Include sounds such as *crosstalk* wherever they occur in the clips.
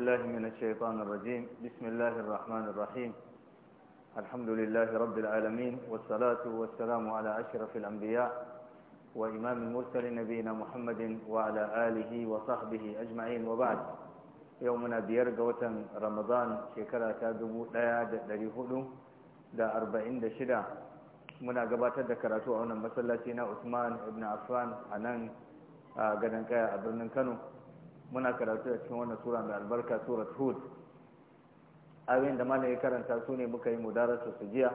بالله من الشيطان الرجيم بسم الله الرحمن الرحيم الحمد لله رب العالمين والصلاة والسلام على أشرف الأنبياء وإمام المرسل نبينا محمد وعلى آله وصحبه أجمعين وبعد يومنا بيرقوة رمضان شكرا تادمو لا يهدو دا أربعين دا شدا muna gabatar da karatu a wannan masallaci na Usman ibn Affan a nan a ganin kaya a birnin Kano muna karatu a cikin wannan sura mai albarka sura hud ayoyin da malam ya karanta su ne muka yi mudarasa su jiya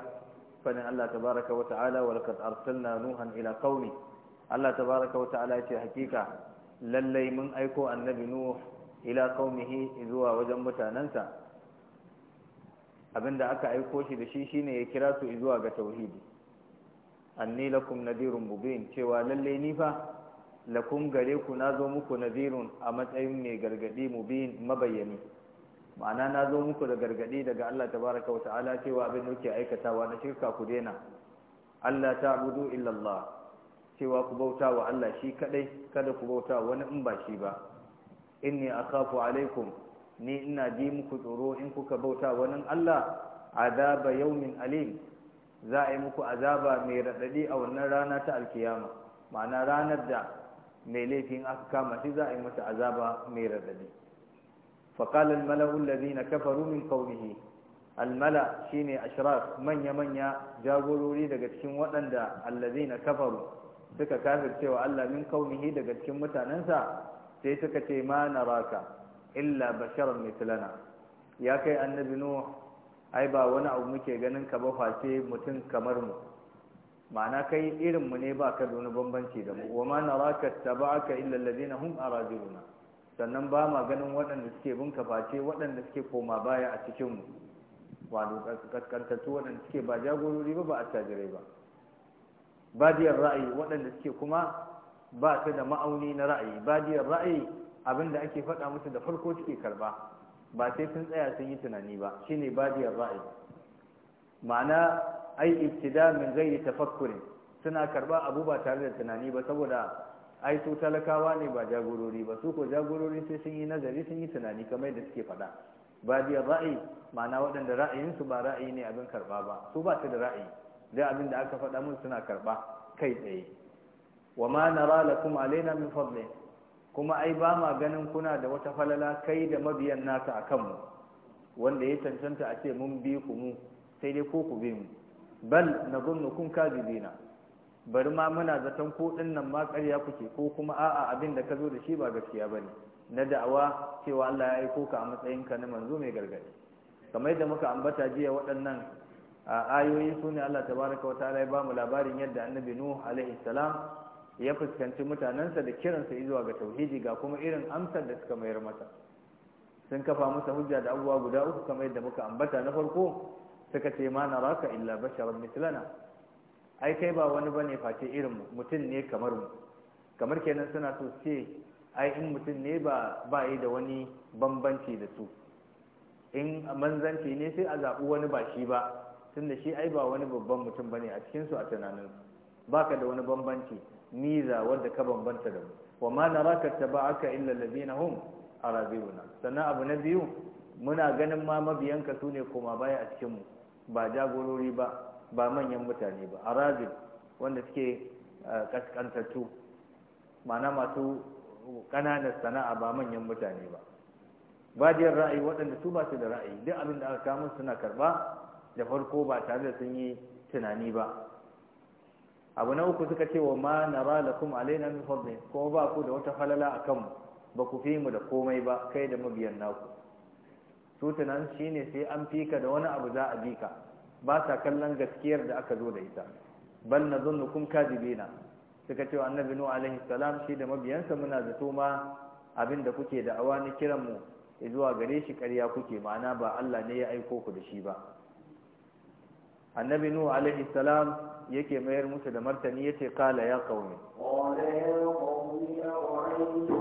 fadin Allah tabaraka wa ta'ala wa laqad arsalna nuhan ila qaumi Allah tabaraka wa ta'ala ce hakika lallai mun aiko annabi nuh ila qaumihi zuwa wajen mutanansa abinda aka aiko shi da shi shine ya kira su zuwa ga tauhidi anni lakum nadirun mubin cewa lallai ni fa lakum gare ku na zo muku nazirun a matsayin mai gargadi mubin mabayyani ma'ana na zo muku da gargadi daga Allah tabaraka wa ta'ala cewa abin da kuke aikatawa na shirka ku daina Allah ta'budu illa Allah cewa ku bauta wa Allah shi kaɗai, kada ku bauta wani in ba shi ba inni akhafu alaikum ni ina ji muku tsoro in kuka bauta wani Allah azaba yawmin alim za a yi muku azaba mai raɗaɗi a wannan rana ta alkiyama ma'ana ranar da mai laifin aka kama shi za a yi mata azaba mai radadi faƙal almala ulazi na kafaru min kaunihi almala shi ne ashiraf manya-manya jagorori daga cikin waɗanda allazi na kafaru suka kafir cewa allah min kaunihi daga cikin mutanensa sai suka ce ma na raka illa bashar mitlana ya kai annabi n'uwa? ai ba wani abu muke ganin ka ba mutum kamar mu ma'ana kai irinmu ne ba ka da bambanci da mu na wa ma naraka taba'aka illa hun hum na sannan ba ma ganin waɗanda suke bin face waɗanda suke koma baya a cikin mu wato kaskantattu waɗanda suke ba jagorori ba ba a tajirai ba badiyar ra'ayi waɗanda suke kuma ba su da ma'auni na ra'ayi badiyar ra'ayi abinda ake faɗa musu da farko suke karba ba sai sun tsaya sun yi tunani ba shine badiyar ra'ayi ma'ana ai ibtida min ghairi tafakkurin suna karba abu ba tare da tunani ba saboda ai su talakawa ne ba jagorori ba su ko jagorori sai sun yi nazari sun yi tunani kamar da suke faɗa ba da ra'ayi ma'ana waɗanda ra'ayinsu ba ra'ayi ne abin karba ba su ba su da ra'ayi da abin da aka faɗa mun suna karba kai tsaye wa ma nara lakum alaina min fadli kuma ai ba ma ganin kuna da wata falala kai da mabiyan naka akan mu wanda ya cancanta a ce mun bi ku mu sai dai ko ku bi mu bal na kun kadibina bari ma muna zaton ko nan ma ƙarya kuke ko kuma a'a abin da ka zo da shi ba gaskiya bane na da'awa cewa Allah ya aiko ka a matsayin ka na manzo mai gargadi kamar yadda muka ambata jiya waɗannan ayoyi su ne Allah tabaraka wataala ya ba mu labarin yadda annabi nuh alaihi salam ya fuskanci mutanensa da kiransa zuwa ga tauhidi ga kuma irin amsar da suka mayar masa sun kafa masa hujja da abubuwa guda uku kamar yadda muka ambata na farko suka ce ma na raka illa basharan mislana ai kai ba wani bane face irin mutum ne kamar mu kamar kenan suna so ce ai in mutum ne ba ba yi da wani bambanci da su in manzanci ne sai a zaɓi wani ba shi ba tunda shi ai ba wani babban mutum bane a cikin a tunanin baka da wani bambanci niza wanda ka bambanta da mu wa ma ba aka illa alladhina hum arabiyuna sannan abu na biyu muna ganin ma mabiyanka sune koma baya a cikin mu ba jagorori ba ba manyan mutane ba a arabin wanda suke kaskantattu ma'ana masu ƙananan sana'a ba manyan mutane ba jiyar ra'ayi waɗanda su ba da ra'ayi duk abin da aka kamun suna karɓa da farko ba tare da sun yi tunani ba abu na uku suka ce wa ma na nara kuma alaina min ne, kuma ba ku da wata falala kanmu, ba ku fi mu da komai ba kai da mabiyan naku su tunan shine sai an fika da wani abu za a bi ka ba sa kallon gaskiyar da aka zo da ita bal nadhunnukum kadibina suka ce annabi nu alaihi salam shi da mabiyansa muna zato ma abinda kuke da awani kiran mu zuwa gare shi karya kuke ma'ana ba Allah ne ya aiko ku da shi ba annabi nu alaihi salam yake mayar musu da martani yace qala ya qaumi qala ya qaumi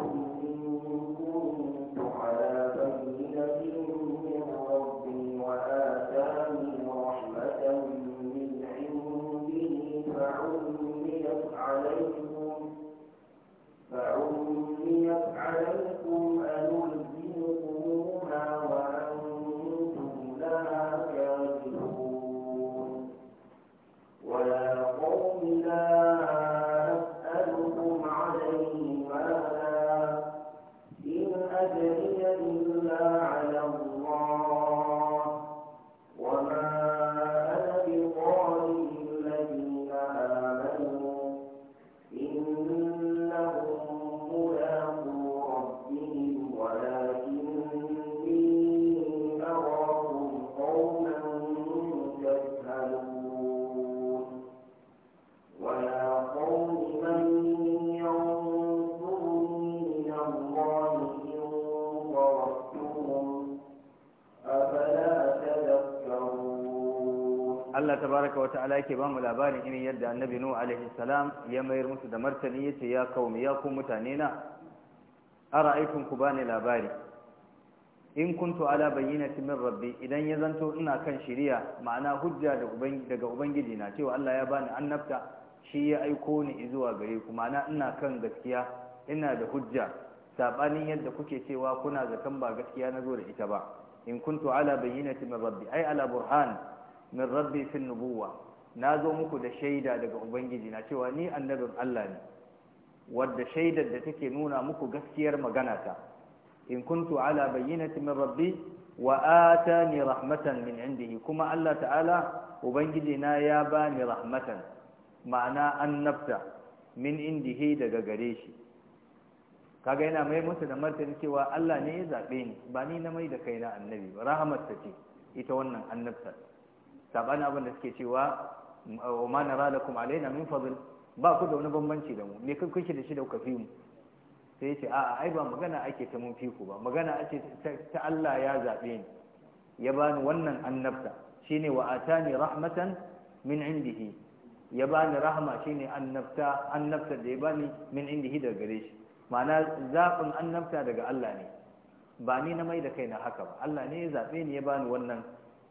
Allah tabaraka wa ta'ala yake ba labarin irin yadda annabi nuhu alaihi salam ya mayar musu da martani yace ya kaumi ya ku mutane na ara'aykum ku bani labari in kuntu ala bayyinati min rabbi idan ya zanto ina kan shiriya ma'ana hujja daga ubangiji na cewa Allah ya bani annabta shi ya aiko ni zuwa gare ku ma'ana ina kan gaskiya ina da hujja sabanin yadda kuke cewa kuna zaton ba gaskiya na zo da ita ba in kuntu ala bayyinati min rabbi ai ala burhan min rabbi fi nubuwa na zo muku da shaida daga ubangiji na cewa ni annabin Allah ne wadda shaidar da take nuna muku gaskiyar maganata in kuntu ala bayyinati min rabbi wa atani rahmatan min indihi kuma Allah ta'ala ubangiji na ya bani rahmatan ma'ana annabta min indihi daga gare shi kaga yana mai musu da martani cewa Allah ne ya zabe ni ba ni na mai da kaina annabi ba ta ce ita wannan annabta sabanin abin da suke cewa wa ma nara lakum alaina min fadl ba ku da wani bambanci da mu me kun kuke da shi da kuka fi mu sai ya ce a'a ai ba magana ake ta mun fi ku ba magana ake ta Allah ya zabe ni ya bani wannan annabta shine wa atani rahmatan min indihi ya bani rahma shine annabta annabta da ya bani min indihi daga gare shi ma'ana zaɓin annabta daga Allah ne ba ni na mai da kaina haka ba Allah ne ya zaɓe ni ya bani wannan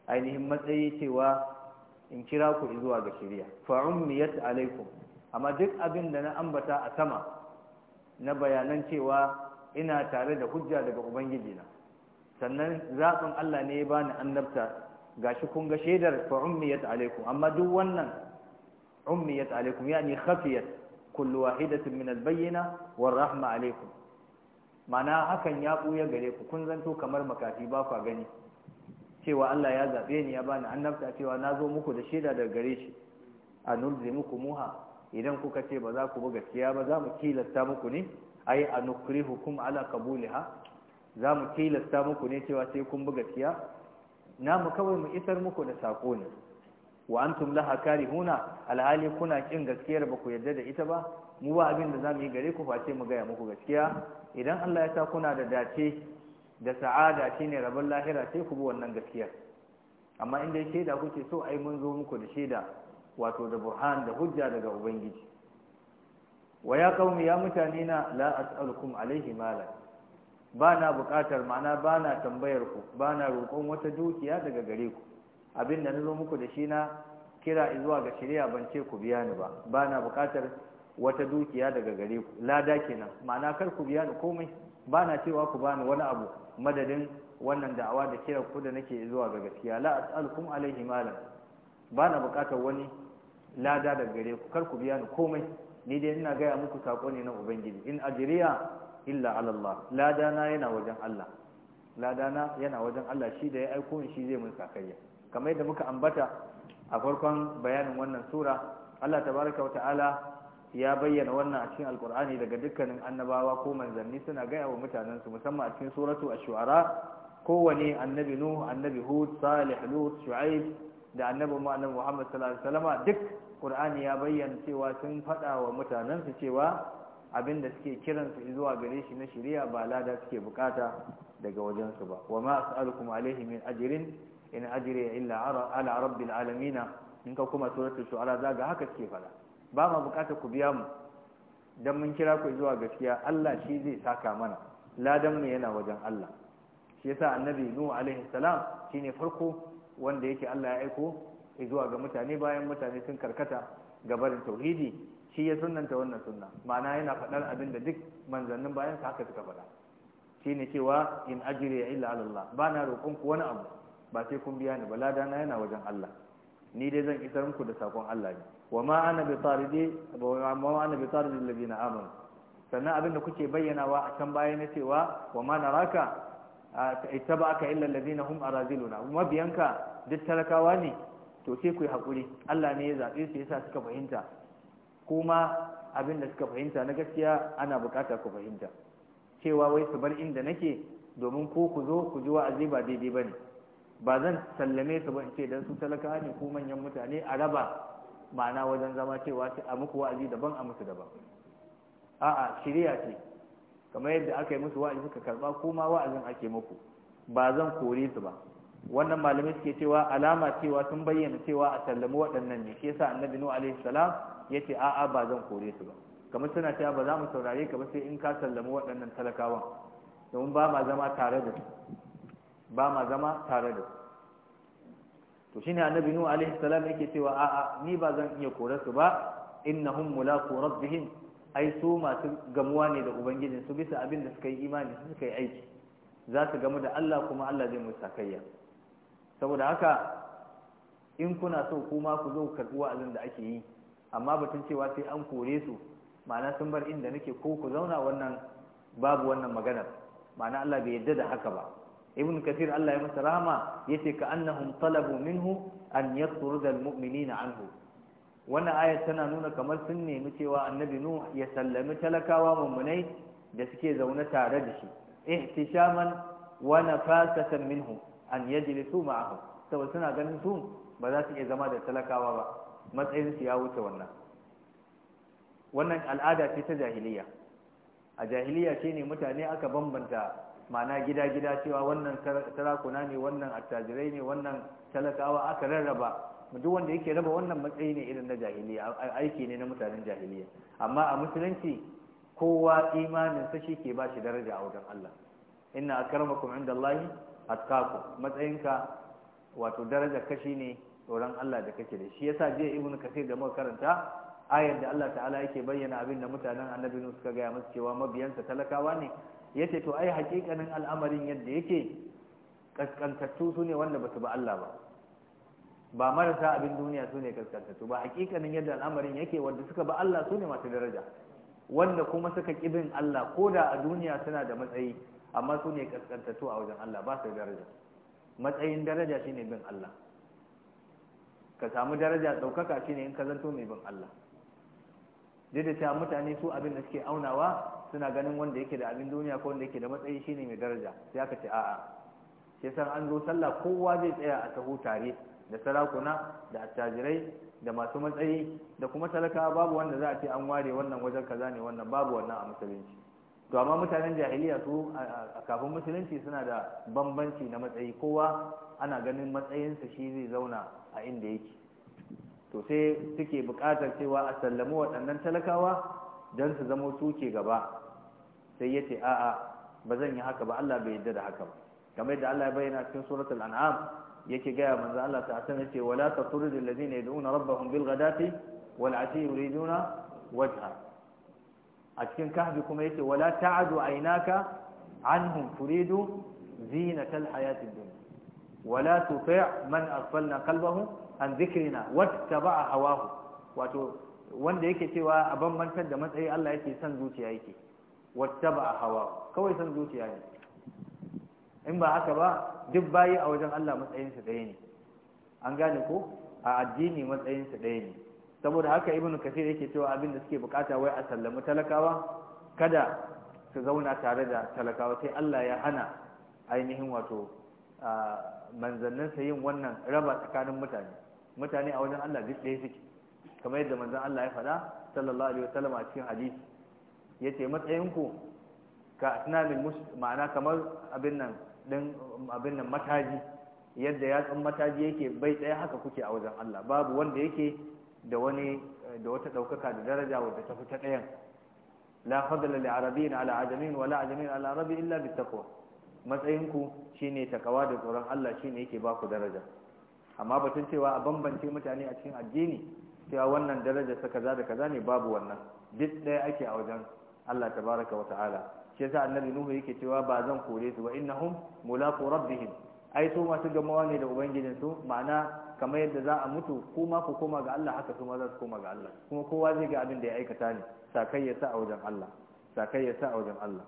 ainihin matsayi cewa in kira ku zuwa ga shari'a fa ummiyat alaikum amma duk abin da na ambata a sama na bayanan cewa ina tare da hujja daga ubangiji na sannan zaɓin Allah ne ya bani annabta shi kun ga shaidar fa ummiyat alaikum amma duk wannan ummiyat alaikum yani khafiyat kullu wahidatin min bayyana war rahma alaikum Ma'ana hakan ya buya gare ku kun zanto kamar makafi ba kwa gani cewa Allah ya zaɓe ni ya ni annabta cewa na zo muku da shaida daga gare shi a muku muha idan kuka ce ba za ku ba gaskiya ba za mu kilasta muku ne yi a nukrihukum ala ha za mu kilasta muku ne cewa sai kun bi gaskiya na mu kawai mu isar muku da sako ne wa antum laha huna alhali kuna kin gaskiyar ba ku yarda da ita ba mu ba abin da zamu yi gare ku face mu gaya muku gaskiya idan Allah ya sa kuna da dace da sa'ada shine rabon lahira sai ku bi wannan gaskiyar amma inda ya shaida kuke so ai mun zo muku da shaida wato da burhan da hujja daga ubangiji wa ya qaumi ya mutane na la as'alukum alaihi ba na bukatar ma'ana na tambayar ku na roƙon wata dukiya daga gare ku abin da nazo muku da shi na kira zuwa ga shirya ban ce ku biya ni ba ba na bukatar wata dukiya daga gare ku lada kenan ma'ana kar ku biya ni komai ba na cewa ku bani wani abu madadin wannan da'awa da kira ku da nake zuwa ga gaskiya la as'alukum alaihi malam ba na bukatar wani lada da gare ku kar ku biya ni komai ni dai ina gaya muku sako ne na ubangiji in ajriya illa ala Allah lada na yana wajen Allah lada na yana wajen Allah shi da ya aiko ni shi zai mun sakayya kamar yadda muka ambata a farkon bayanin wannan sura Allah tabaraka wa ta'ala ya bayyana wannan a cikin alkur'ani daga dukkanin annabawa ko manzanni suna gaya wa mutanensu musamman a cikin suratu a shu'ara kowane annabi nuh annabi hud salih lut shu'aib da annabi mu annabi muhammad sallallahu alaihi wasallam duk qur'ani ya bayyana cewa sun faɗa wa mutanensu cewa abin da suke kiran su zuwa gare shi na shari'a ba lada suke bukata daga wajen su ba wa ma as'alukum alaihi min ajrin in ajri illa ala rabbil alamin in ka kuma suratu shu'ara zaga haka suke faɗa ba ma bukatar ku biya mu dan mun kira ku zuwa gaskiya Allah shi zai saka mana ladan mu yana wajen Allah shi yasa annabi nuhu alaihi salam shine farko wanda yake Allah ya aiko zuwa ga mutane bayan mutane sun karkata ga barin tauhidi shi ya sunnanta wannan sunna ma'ana yana faɗar abin da duk manzannin bayan sa haka suka faɗa shine cewa in ajri illa ala Allah ba na roƙon ku wani abu ba sai kun biya ni ba ladana yana wajen Allah ni dai zan isar muku da sakon Allah ne وما أنا بطارد وما أنا بطارد الذين آمنوا فأنا أبن كتي بينا وأكم باينتي وما aitabaka illa إلا na هم أراذلنا mabiyanka duk talakawa ne to sai ku yi haƙuri Allah ne ya zaɓe su yasa suka fahimta kuma abin da suka fahimta na gaskiya ana buƙatar ku fahimta cewa wai su bar inda nake domin ko ku zo ku ji wa ba daidai ba ne ba zan sallame su ba in ce dan su talakawa ne ko manyan mutane a raba ma'ana wajen zama cewa ce a muku wa'azi daban a musu daban a'a shirya ce kamar yadda aka yi musu wa'azi suka karba ma wa'azin ake muku ba zan kore su ba wannan malamai suke cewa alama cewa sun bayyana cewa a sallami waɗannan ne shi yasa annabi nuhu alaihi salam yace a'a ba zan kore su ba kamar suna cewa ba za mu saurare ka ba sai in ka sallami waɗannan talakawan domin ba ma zama tare da su ba ma zama tare da su to shine annabi nuhu alaihi salam yake cewa a ni ba zan iya kore su ba innahum mulaqu rabbihim ai su masu gamuwa ne da ubangijin su bisa abin da suka yi imani su suka yi aiki za su gamu da Allah kuma Allah zai musu sakayya saboda haka in kuna so kuma ku zo karɓi wa'azin da ake yi amma batun cewa sai an kore su ma'ana sun bar inda nake ko ku zauna wannan babu wannan maganar ma'ana Allah bai yarda da haka ba ibn kathir Allah ya masa rahama yace ka annahum talabu minhu an yatrud almu'minina anhu wannan aya tana nuna kamar sun nemi cewa annabi nuh ya sallami talakawa mummunai da suke zaune tare da shi ihtishaman wa nafasatan minhu an yajlisu ma'ahu saboda suna ganin su ba za su iya zama da talakawa ba matsayin su ya wuce wannan wannan al'ada ce ta jahiliya a jahiliya ce ne mutane aka bambanta ma'ana gida-gida cewa wannan sarakuna ne wannan attajirai ne wannan talakawa aka rarraba duk wanda yake raba wannan matsayi ne irin na jahiliya aiki ne na mutanen jahiliya amma a musulunci kowa imanin shi ke ba shi daraja a wajen Allah inna akramakum indallahi atqakum matsayinka wato daraja kashi ne tsoron Allah da kake da shi yasa je ibnu kasir da muka karanta ayar da Allah ta'ala yake bayyana abin da mutanen annabi suka gaya musu cewa mabiyansa talakawa ne ya ce to ai hakikanin al'amarin yadda yake kaskantattu su ne wanda ba su ba Allah ba ba marasa abin duniya su ne kaskantattu ba hakikanin yadda al'amarin yake wanda suka ba Allah su ne masu daraja wanda kuma suka kibin Allah ko da a duniya suna da matsayi amma su ne kaskantattu a wajen Allah ba su daraja matsayin daraja shine bin Allah ka samu daraja ɗaukaka shine in ka zanto mai bin Allah duk da cewa mutane su abin da suke aunawa suna ganin wanda yake da abin duniya ko wanda yake da matsayi shine mai daraja sai aka ce a'a sai san an zo sallah kowa zai tsaya a taho tare da sarakuna da attajirai da masu matsayi da kuma talakawa babu wanda za a ce an ware wannan wajen kaza ne wannan babu wannan a musulunci to amma mutanen jahiliya su a kafin musulunci suna da bambanci na matsayi kowa ana ganin matsayinsa shi zai zauna a inda yake to sai suke bukatar cewa a sallamu waɗannan talakawa don su zamo su gaba sai ya ce a'a ba zan yi haka ba Allah bai yarda da haka ba kamar yadda Allah ya bayyana cikin suratul an'am yake gaya manzo Allah ta san yace wala tatrud alladhina yad'una rabbahum bil ghadati wal ashi yuriduna wajha a cikin kahfi kuma yace wala ta'adu aynaka anhum turidu zinatal hayatid dunya wala tuti' man aghfalna qalbahu an dhikrina wattaba'a hawahu wato wanda yake cewa a bambantar da matsayi Allah yake son zuciya yake wata ba a hawa kawai san zuciya ne in ba haka ba duk bayi a wajen Allah matsayinsa ɗaya ne an gane ko a addini matsayinsa ɗaya ne saboda haka ibnu kasir yake cewa abin da suke bukata wai a sallami talakawa kada su zauna tare da talakawa sai Allah ya hana ainihin wato manzanninsa yin wannan raba tsakanin mutane mutane a wajen Allah duk ɗaya suke kamar yadda manzan Allah ya faɗa sallallahu alaihi wasallam a cikin hadisi ya ce matsayinku ka asnamin ma'ana kamar abin nan mataji yadda ya yatsun mataji yake bai ɗaya haka kuke a wajen Allah babu wanda yake da wani da wata ɗaukaka da daraja wadda ta fi ta ɗayan la fadala li arabiyin ala ajamin wala ajamin ala arabi illa bi taqwa matsayinku shine takawa da tsoron Allah shine yake ba ku daraja amma batun cewa a bambance mutane a cikin addini cewa wannan daraja ta kaza da kaza ne babu wannan duk ɗaya ake a wajen Allah tabaraka wa ta'ala shi yasa annabi nuhu yake cewa ba zan kore su ba innahum mulaqu rabbihim ai su masu gamawa ne da ubangijin su ma'ana kamar yadda za a mutu kuma ku koma ga Allah haka su ma za su koma ga Allah kuma kowa zai ga abin da ya aikata ne sakai ya sa a wajen Allah sakai ya sa a wajen Allah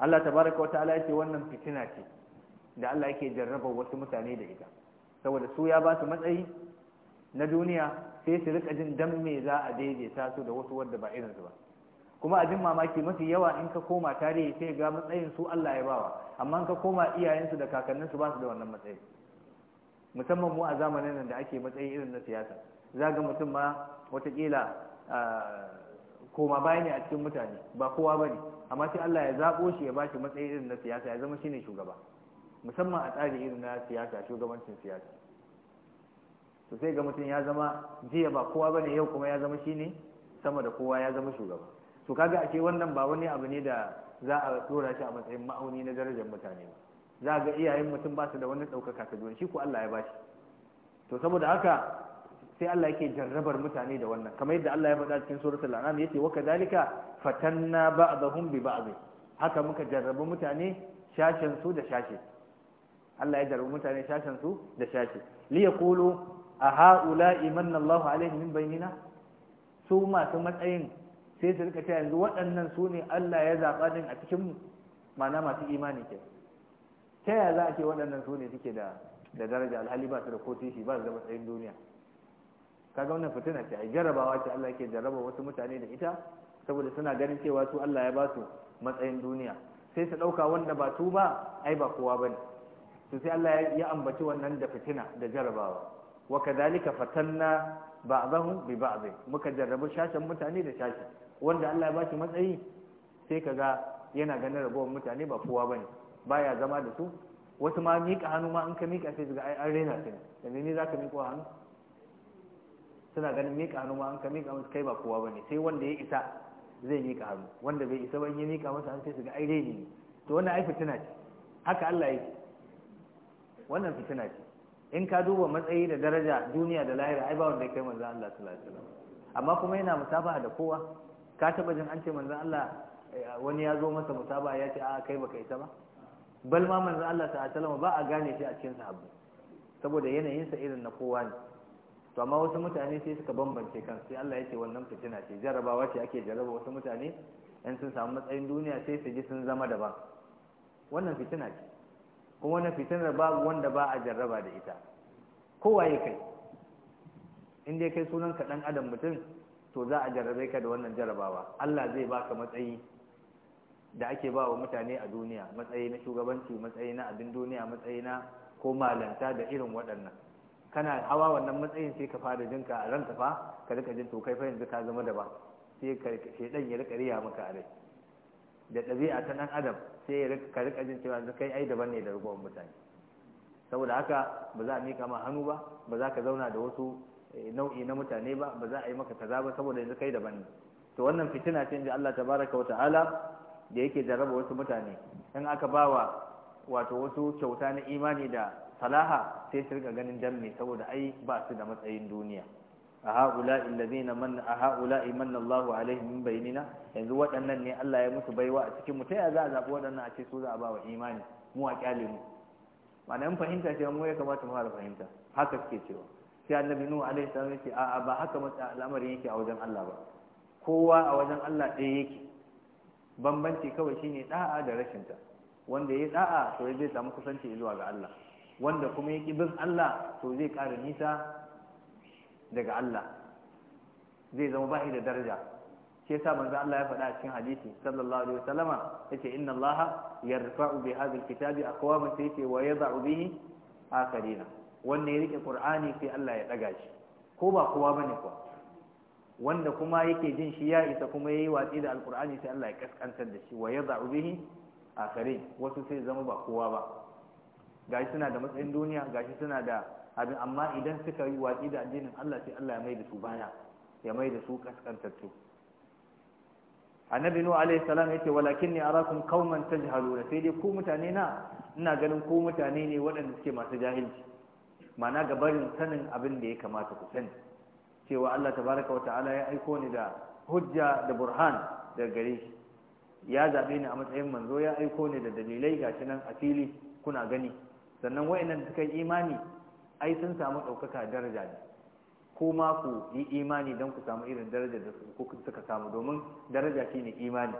Allah tabaraka wa ta'ala yace wannan fitina ce da Allah yake jarraba wasu mutane da ita saboda su ya ba su matsayi na duniya sai su rika jin dan me za a daidaita su da wasu wanda ba irin su ba kuma abin mamaki mafi yawa in ka koma tarihi sai ga matsayin su Allah ya bawa amma in ka koma iyayensu da kakanninsu ba su da wannan matsayi musamman mu a zamanin nan da ake matsayi irin na siyasa za ga mutum ma watakila ah, koma baya ne a cikin mutane ba kowa ba ne amma sai Allah ya zaɓo shi ya ba shi matsayi irin na siyasa ya zama shi ne shugaba musamman a tsari irin na siyasa shugabancin siyasa to sai ga mutum ya zama jiya ba kowa ba ne yau kuma ya zama shi ne sama da kowa ya zama shugaba to kaga ake wannan ba wani abu ne da za a dora shi a matsayin ma'auni na darajar mutane ba za ga iyayen mutum ba su da wani ɗaukaka ta shi ko Allah ya bashi to saboda haka sai Allah yake jarrabar mutane da wannan kamar yadda Allah ya faɗa cikin suratul an'am yace wa kadhalika fatanna ba'dahum bi ba'd haka muka jarrabu mutane shashin su da shashi Allah ya jarrabu mutane shashin su da shashi li yaqulu a ha'ula'i manna Allahu alaihim min bainina su masu matsayin sai su rika ta yanzu waɗannan su ne Allah ya zaɓa din a cikin mana masu imani ke ta yaya za a ce waɗannan su ne suke da da daraja alhali ba su da ko tishi ba su da matsayin duniya ka ga wannan fitina ce a jarabawa ce Allah yake jarraba wasu mutane da ita saboda suna ganin cewa su Allah ya ba su matsayin duniya sai su ɗauka wanda ba su ba ai ba kowa ba ne su sai Allah ya ambaci wannan da fitina da jarabawa wa kadhalika fatanna ba'dahum bi ba'd muka jarrabu shashan mutane da shashan wanda Allah ya bashi matsayi sai kaga yana ganin ragowar mutane ba kowa bane baya zama da su wasu ma miƙa hannu ma in ka miƙa sai ga an rena su yanzu ne za ka miƙo hannu suna ganin miƙa hannu ma in ka miƙa musu kai ba kowa bane sai wanda ya isa zai miƙa hannu wanda bai isa ba in ya miƙa masa hannu sai su ga ai reni ne to wannan ai fitina ce haka Allah yake wannan fitina ce in ka duba matsayi da daraja duniya da lahira ai ba wanda ya kai manzo Allah sallallahu alaihi wasallam amma kuma yana musafaha da kowa ka taba jin an ce manzan Allah eh, wani ya zo masa musaba ya ce a kai ba baka ita ba bal ma manzon Allah ta sallama ba a gane shi a cikin sahabbai saboda yanayinsa irin na kowa ne to amma wasu mutane sai suka bambance kan sai Allah ya ce wannan fitina ce jarabawa ce ake jaraba wasu mutane in sun samu matsayin duniya sai su ji sun zama daban wannan fitina ce kuma wannan fitinar ba wanda ba a jarraba da ita kowa ya kai in dai kai sunan ka dan adam mutum to za a jarrabe ka da wannan jarabawa Allah zai baka matsayi da ake ba wa mutane a duniya matsayi na shugabanci matsayi na abin duniya matsayi na ko malanta da irin waɗannan kana hawa wannan matsayin sai ka fara jinka a ranka fa ka rika jin to kai fa yanzu ka zama daban sai ka shedan ya rika riya maka a rai da ɗabi'a ta ɗan adam sai ka rika jin cewa yanzu kai ai daban ne da rubuwan mutane saboda haka ba za a mika ma hannu ba ba za ka zauna da wasu Eh, nau'i na mutane ba ba za a yi maka kaza ba saboda yanzu kai daban ne to wannan fitina ce inji Allah tabaraka wa ta'ala da yake jaraba wasu mutane in aka bawa wato wasu kyauta na imani da salaha sai su rika ganin danne saboda ai ba su da matsayin duniya a ha'ula illazina man a ha'ula imanna Allahu alaihi min bainina yanzu waɗannan ne Allah ya musu baiwa a cikin mu ta yaya za a zabi waɗannan a ce su za a ba wa imani mu a kyale mu ma'ana in fahimta ce mu ya kamata mu fara fahimta haka suke cewa sai annabi nuhu alaihi salam yace a'a ba haka mata al'amarin yake a wajen Allah ba kowa a wajen Allah ɗaya yake bambanci kawai shine da'a da rashin ta wanda yayi da'a to zai samu kusanci zuwa ga Allah wanda kuma yake bin Allah to zai ƙara nisa daga Allah zai zama bahi da daraja shi yasa manzo Allah ya faɗa a cikin hadisi sallallahu alaihi wasallama yace inna Allah yarfa'u bi hadha alkitabi aqwaman sayfi wa yad'u bihi akharina wanda ya rike qur'ani sai Allah ya daga shi ko ba kowa bane kuwa wanda kuma yake jin shi ya isa kuma yayi watsi da alqur'ani sai Allah ya kaskantar da shi wa yad'u bihi akharin wasu sai zama ba kowa ba gashi suna da matsayin duniya gashi suna da abin amma idan suka yi watsi da addinin Allah sai Allah ya mai da su bana ya mai da su kaskantattu annabi nuhu alaihi salam yace walakinni arakum qauman tajhaluna sai dai ku mutane na ina ganin ku mutane ne waɗanda suke masu jahilci mana ga barin sanin abin da ya kamata ku sani cewa Allah tabaraka wa ta'ala ya aiko ni da hujja da burhan da gare shi ya zabe ni a matsayin manzo ya aiko ni da dalilai gashi nan a fili kuna gani sannan wayannan suka yi imani ai sun samu ɗaukaka daraja ne kuma ku yi imani don ku samu irin darajar da suka samu domin daraja shine imani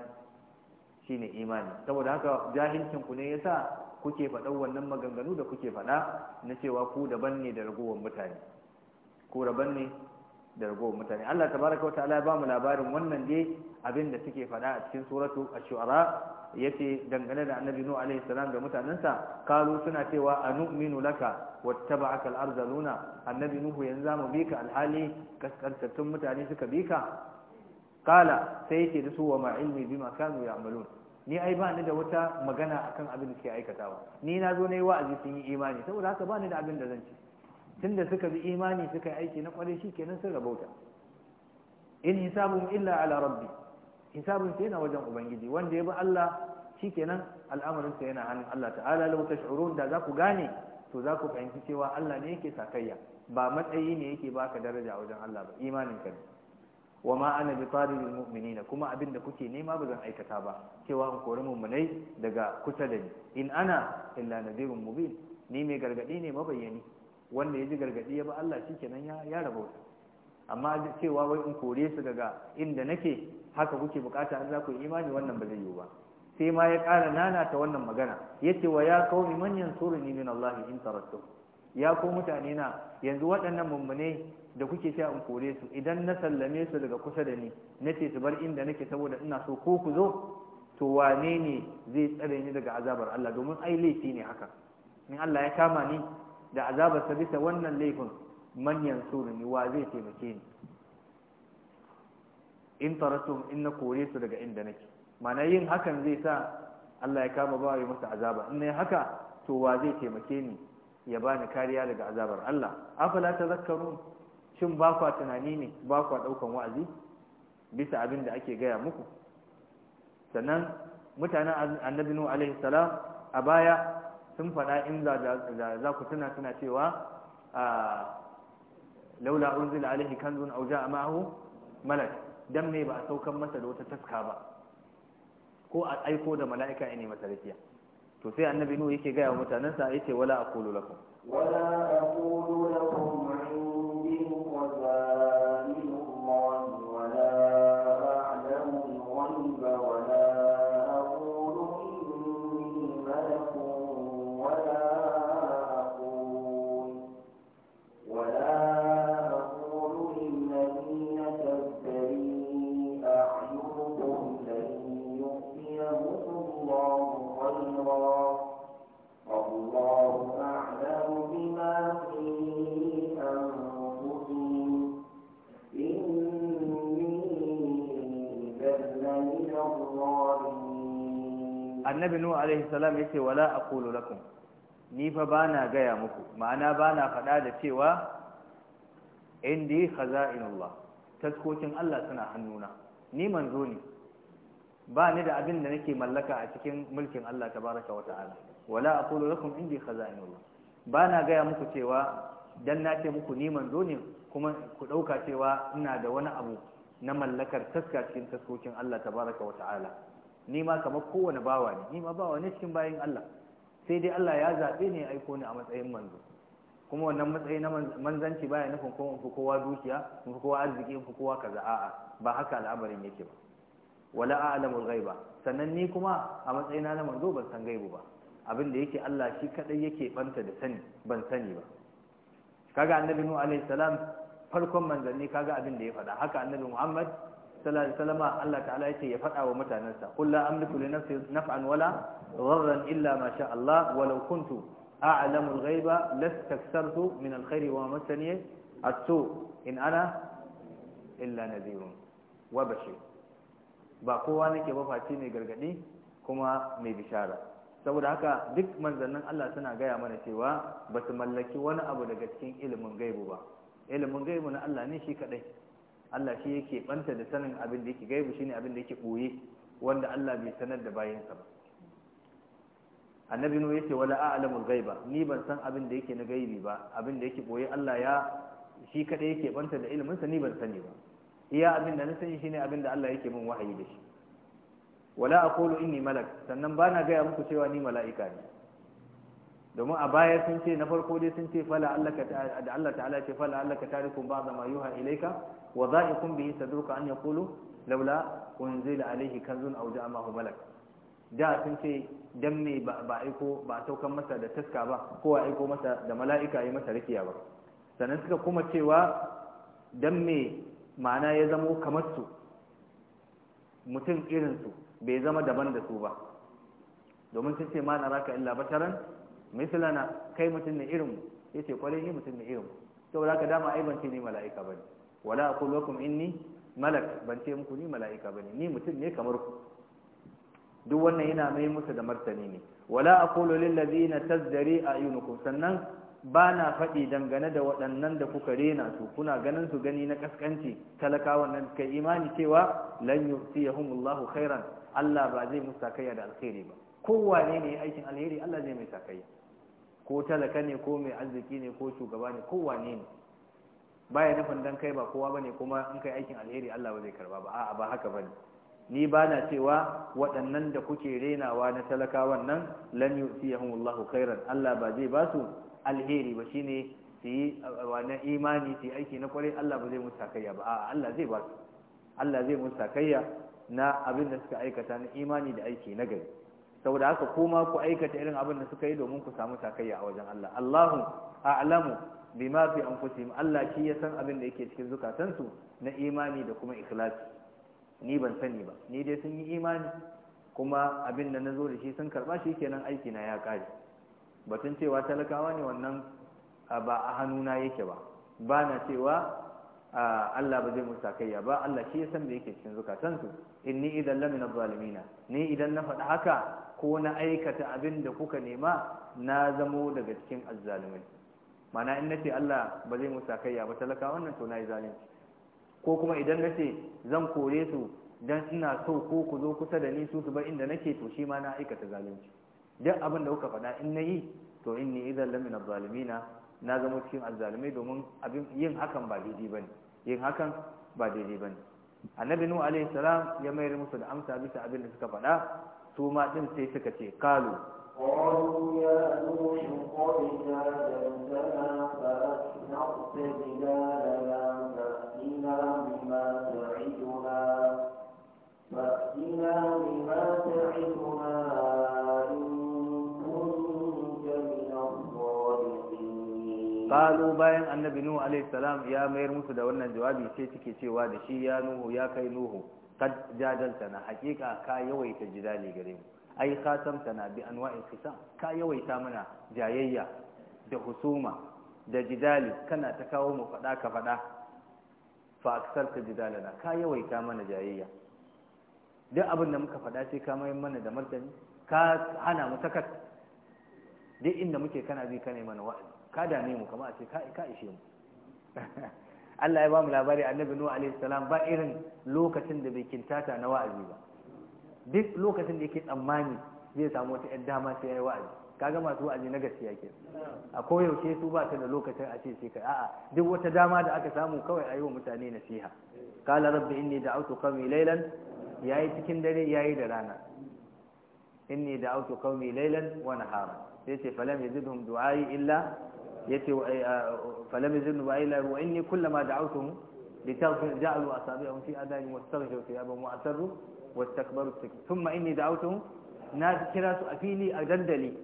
shine imani saboda haka jahilcin ku ne yasa kuke faɗa wannan maganganu da kuke faɗa na cewa ku daban ne da ragowar mutane ku daban ne da ragowar mutane Allah tabaraka wa ta'ala ya ba mu labarin wannan dai abin da suke faɗa a cikin suratu ash-shu'ara yace dangane da annabi nuh alaihi salam da mutanansa kalu suna cewa anu'minu laka wattaba'aka al-arzaluna annabi nuhu yanzu zamu ka alhali kaskantattun mutane suka bika kala sai yake da su wa ma ilmi bima kanu ya'malun ni ai ba ni da wata magana akan abin da suke aikatawa ni na zo na yi wa'azi sun yi imani saboda haka ba ni da abin da zan ci tunda suka bi imani suka yi aiki na kwarai shi kenan sun rabauta in hisabun illa ala rabbi hisabun sai yana wajen ubangiji wanda ya bi Allah shi kenan al'amarin sa yana hannun Allah ta'ala law tash'urun da za ku gane to za ku fahimci cewa Allah ne yake sakayya ba matsayi ne yake baka daraja a wajen Allah ba imanin ka ne wa ma ana bi mumini na kuma abin da kuke nema ba zan aikata ba cewa in kori mummunai daga kusa da ni in ana illa nadirun mubin ni mai gargadi ne mabayyani wanda ya ji gargadi ya ba Allah shikenan ya ya rabauta amma cewa wai in kore su daga inda nake haka kuke bukata an za ku imani wannan ba zai yiwu ba sai ma ya ƙara ta wannan magana yace wa ya qaumi manyan yansuruni min Allah in tarattu ya ko mutane na yanzu waɗannan mummune da kuke sai in kore su idan na sallame su daga kusa da ni na ce su bar inda nake saboda ina so ko ku zo to wane ne zai tsare ni daga azabar Allah domin ai laifi ne haka in Allah ya kama ni da azabar sa bisa wannan laifin man ni wa zai taimake ni in tarasu in na kore su daga inda nake mana yin hakan zai sa Allah ya kama ba ya masa azaba in nayi haka to wa zai taimake ni ya bani kariya daga azabar Allah afala tazakkarun shin ba kwa tunani ne ba kwa ɗaukan wa'azi bisa abin da ake gaya muku sannan mutanen annabi nuhu alaihi a baya sun faɗa in za ku tuna suna cewa a laula unzila alaihi kanzun aw ja'a ma'ahu malak dan me ba a saukan masa da wata taska ba ko a aiko da mala'ika ne masa rakiya to sai annabi nuhu yake gaya wa mutanansa yace wala aqulu lakum wala aqulu lakum annabi nuhu alaihi salam yace wala aqulu lakum ni fa bana gaya muku ma'ana bana faɗa da cewa indi khaza'inullah taskokin Allah suna hannuna ni manzo ne ba ni da abin da nake mallaka a cikin mulkin Allah tabaraka wa ta'ala wala aqulu lakum indi khaza'inullah bana gaya muku cewa dan na ce muku ni manzo ne kuma ku dauka cewa ina da wani abu na mallakar taska cikin taskokin Allah tabaraka wa ta'ala ni ma kamar kowane bawa ne ni ma bawa ne cikin bayan Allah sai dai Allah ya zaɓe ne ya aiko ni a matsayin manzo kuma wannan matsayi na manzanci baya nufin ko in kowa dukiya in kowa arziki in fi kowa kaza a'a ba haka al'amarin yake ba wala a'lamul ghaiba sannan ni kuma a matsayin na manzo ban san gaibu ba abin da yake Allah shi kadai yake banta da sani ban sani ba kaga annabi nuhu alaihi salam farkon manzanni kaga abin da ya faɗa haka annabi muhammad sallallahu alaihi Allah ta'ala yake ya faɗa wa mutanansa qul la amliku li nafsi naf'an wala dharran illa ma sha Allah walau kuntu a'lamu al-ghaiba lastakthartu min al wa ma as-su in ana illa nadhirun wa bashir ba kowa nake ba face mai gargadi kuma mai bishara saboda haka duk manzannin Allah suna gaya mana cewa ba su mallaki wani abu daga cikin ilimin gaibu ba ilimin gaibu na Allah ne shi kadai Allah shi yake banta da sanin abin da yake gaibu shine abin da yake boye wanda Allah bai sanar da bayansa ba annabi nu yace wala a'lamul ghaiba ni ban san abin da yake na gaibi ba abin da yake boye Allah ya shi kada yake banta da ilimin sa ni ban sani ba iya abin da na sani shine abin da Allah yake min wahayi da shi wala aqulu inni malak sannan bana gaya muku cewa ni mala'ika ne domin a baya sun ce na farko dai sun ce fala Allah da Allah ta'ala ce fala Allah ka tarikum ba'da ma yuha ilayka wa za'iqun bihi sadruka an yaqulu laula unzila alayhi kanzun aw ja'a ma'ahu malak da sun ce dan me ba aiko ba saukan masa da taska ba ko aiko masa da mala'ika yi masa rakiya ba sannan suka kuma cewa dan me ma'ana ya zamo kamar su mutum irin su bai zama daban da su ba domin sun ce ma na raka illa basharan mislana kai mutum ne irin yace kwarai yi mutum ne irin saboda haka dama ai ban ce ne mala'ika bane wala ku lokum inni malak ban ce muku ni mala'ika bane ni mutum ne kamar ku duk wannan yana mai musu da martani ne wala aqulu lil ladina tazdari ayunukum sannan ba na faɗi dangane da waɗannan da kuka rena su kuna ganin su gani na kaskanci talaka nan kai imani cewa lan yu'tiyahumullahu khairan Allah ba zai musu sakayya da alkhairi ba kowane ne aikin alheri Allah zai mai sakayya ko talaka ne ko mai arziki ne ko shugaba ne kowane ne baya nufin dan kai ba kowa bane kuma in kai aikin alheri Allah ba zai karba ba a'a ba haka bane ni ba na cewa waɗannan da kuke renawa na talaka nan lan Allahu khairan Allah ba zai ba su alheri ba shine su yi na imani su aiki na kwarai Allah ba zai musu takayya ba a'a Allah zai ba su Allah zai musu takayya na abin da suka aikata na imani da aiki na gari saboda haka kuma ku aikata irin abin da suka yi domin ku samu takayya a wajen Allah Allahu a'lamu bima fi anfusihim Allah shi ya san abin da yake cikin zukatansu na imani da kuma ikhlasi ni ban sani ba ni dai sun yi imani kuma abin da zo da shi sun karba shi kenan aiki na ya kare batun cewa talakawa ne wannan ba a hannuna yake ba ba na cewa Allah ba zai musa kayya ba Allah shi ya san da yake cikin zukatansu inni idan lamina zalimina ni idan na faɗi haka ko na aikata abin da kuka nema na zamo daga cikin azzalumai mana in nace Allah ba zai musa kayya ba talaka wannan to nayi zalunci ko kuma idan nace zan kore su dan ina so ko ku zo kusa da ni su su bar inda nake to shi ma na aikata zalunci duk abin da kuka faɗa in nayi to inni idan lamin azzalimina na zama cikin azzalimai domin abin yin hakan ba daidai bane yin hakan ba daidai bane annabi nuhu alaihi salam ya mayar musu da amsa bisa abin da suka faɗa su ma din sai suka ce kalu قالوا يا نوح قد جادلتنا فأسنقت جدالنا فأتنا بما تعدنا فأتنا بما تعدنا qalu bayan annabi nuhu alayhi salam ya mayar musu da wannan jawabi sai suke cewa da shi ya nuhu ya kai nuhu kad jadaltana hakika ka yawaita jidali gare mu ai na bi wa'in khitam ka yawaita mana jayayya da husuma da jidali kana ta kawo mu fada ka fada fa jidali na ka yawaita mana jayayya duk abin da muka fada sai ka mai mana da martani ka hana mu takar duk inda muke kana bi kana mana wa'azi ka dame mu kamar a ce ka ishe mu *laughs* Allah ya ba mu labari annabi Nuhu alaihi salam ba irin lokacin da bai kintata na wa'azi ba duk lokacin da yake tsammani zai samu wata yan dama sai yayi wa'azi kaga masu wa'azi na gaskiya ke a koyaushe su ba ta da lokacin a ce sai kai a'a duk wata dama da aka samu kawai ayi wa mutane nasiha qala rabbi inni da'awtu qawmi laylan yayi cikin dare yayi da rana inni da'awtu qawmi laylan wa nahara yace falam yazidhum du'ai illa yace falam yazidhum du'ai illa wa inni kullama da'awtuhum litaghfir ja'alu asabi'ahum fi adani wastaghfiru thiyabahum wa asarru wastakbaru thumma inni da'awtuhum na kira su a fili a dandali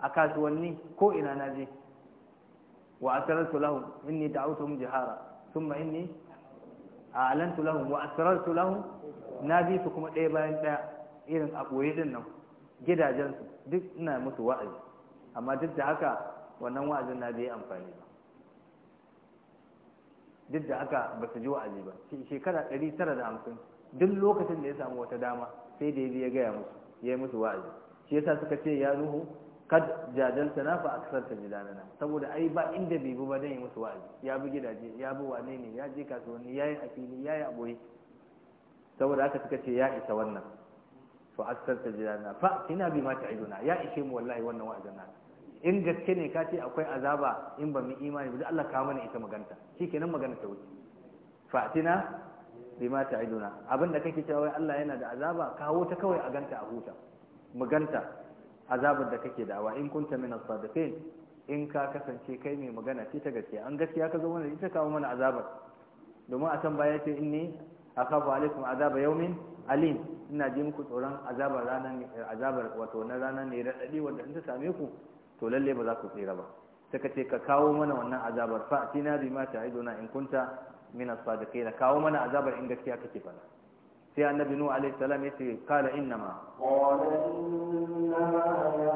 a kasuwanni ko ina na je wa asrartu lahum inni da'awtuhum jihara thumma inni a'lantu lahum wa asrartu lahum na bi su kuma ɗaya bayan ɗaya irin a ɓoye din nan gidajensu duk ina musu wa'azi amma duk da haka wannan wa'azin na bai amfani ba duk da haka ba su ji wa'azi ba shekara ɗari tara da hamsin duk lokacin da ya samu wata dama sai da ya gaya musu ya yi musu wa'azi shi yasa suka ce ya nuhu kad jajalta na fa aksarta jidanana saboda ai ba inda bai bi ba dan yi musu wa'azi ya bi gidaje ya bi wane ne ya je kasuwanni ya yi asiri, ya yi aboye saboda haka suka ce ya isa wannan fa aksarta jidanana fa ina bi ma ta'iduna ya ishe mu wallahi wannan wa'azin na in gaske ne ka ce akwai azaba in ba mu imani ba Allah ka mana ita maganta shikenan magana ta wuce fa'tina bima ta'iduna abin da kake cewa Allah yana da azaba kawo ta kawai a ganta a huta mu ganta azabar da kake dawa in kunta min as-sadiqin in ka kasance kai mai magana ce ta gaske an gaskiya ka zo mana ita kawo mana azabar domin a can baya ce inni akhafu alaikum azaba yawmin alim ina ji muku tsoron azabar ranan azabar wato na ranar ne radadi wanda in ta same ku to lalle ba za ku tsira ba saka ce ka kawo mana wannan azabar fa atina bima ta'iduna in kunta min as-sadiqin kawo mana azabar in gaskiya kake fara sai annabi nuhu alaihi salam yace qala innama qala innama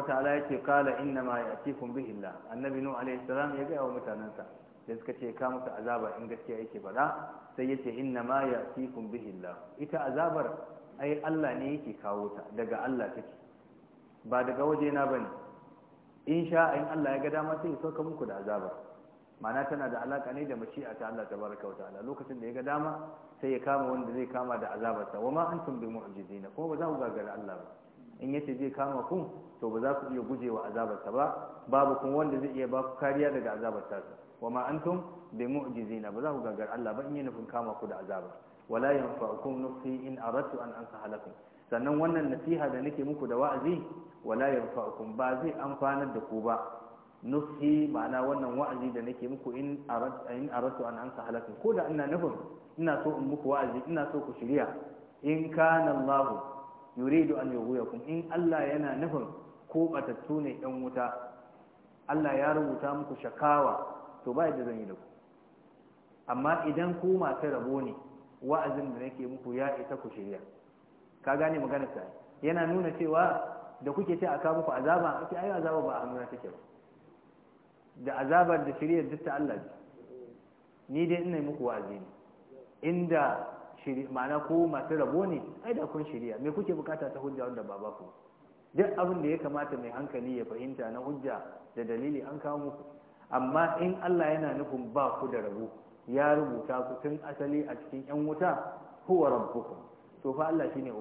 wa ta'ala yake kala inna ma yatikum bihi Allah annabi nu alayhi salam ya gaya wa mutanansa sai suka ce ka musu azaba in gaskiya yake faɗa sai yace inna ma yatikum bihi Allah ita azabar ai Allah ne yake kawo ta daga Allah take ba daga waje na bane in sha in Allah ya ga dama sai ya sauka muku da azabar ma'ana tana da alaka ne da mashi a ta Allah tabaraka wa ta'ala lokacin da ya ga dama sai ya kama wanda zai kama da azabarsa wa ma antum bi mu'jizina ko ba za ku gagara Allah ba in yace zai kama ku to ba za ku iya gujewa azabarsa ba babu kun wanda zai iya ba ku kariya daga azabar tasa wa ma antum bi mu'jizina ba za ku gagar Allah ba in yi nufin kama ku da azaba wala yanfa'ukum nufi in aradtu an ansaha lakum sannan wannan nasiha da nake muku da wa'azi wala yanfa'ukum ba zai amfanar da ku ba nufi ma'ana wannan wa'azi da nake muku in aradtu an ansaha lakum ko da ina nufin ina so in muku wa'azi ina so ku shirya in kana Allah yuridu an yughwiyakum in Allah yana nufin ko batattu ne ɗan wuta Allah ya rubuta muku shakawa to ba yadda zan yi da ku amma idan ku masu rabo ne wa'azin da nake muku ya isa ku shirya ka gane maganar ta yana nuna cewa da kuke ce a kawo muku azaba ake ayi azaba ba a nuna take ba da azabar da shirya duk Allah ni dai ina muku wa'azi ne inda ma'ana ko masu rabo ne ai da kun shirya me kuke bukata ta hujja wanda ba duk abin da ya kamata mai hankali ya fahimta na hujja da dalili an kawo muku amma in Allah yana nufin ba ku da rabo ya rubuta ku tun asali a cikin yan wuta huwa rabbukum to fa Allah shine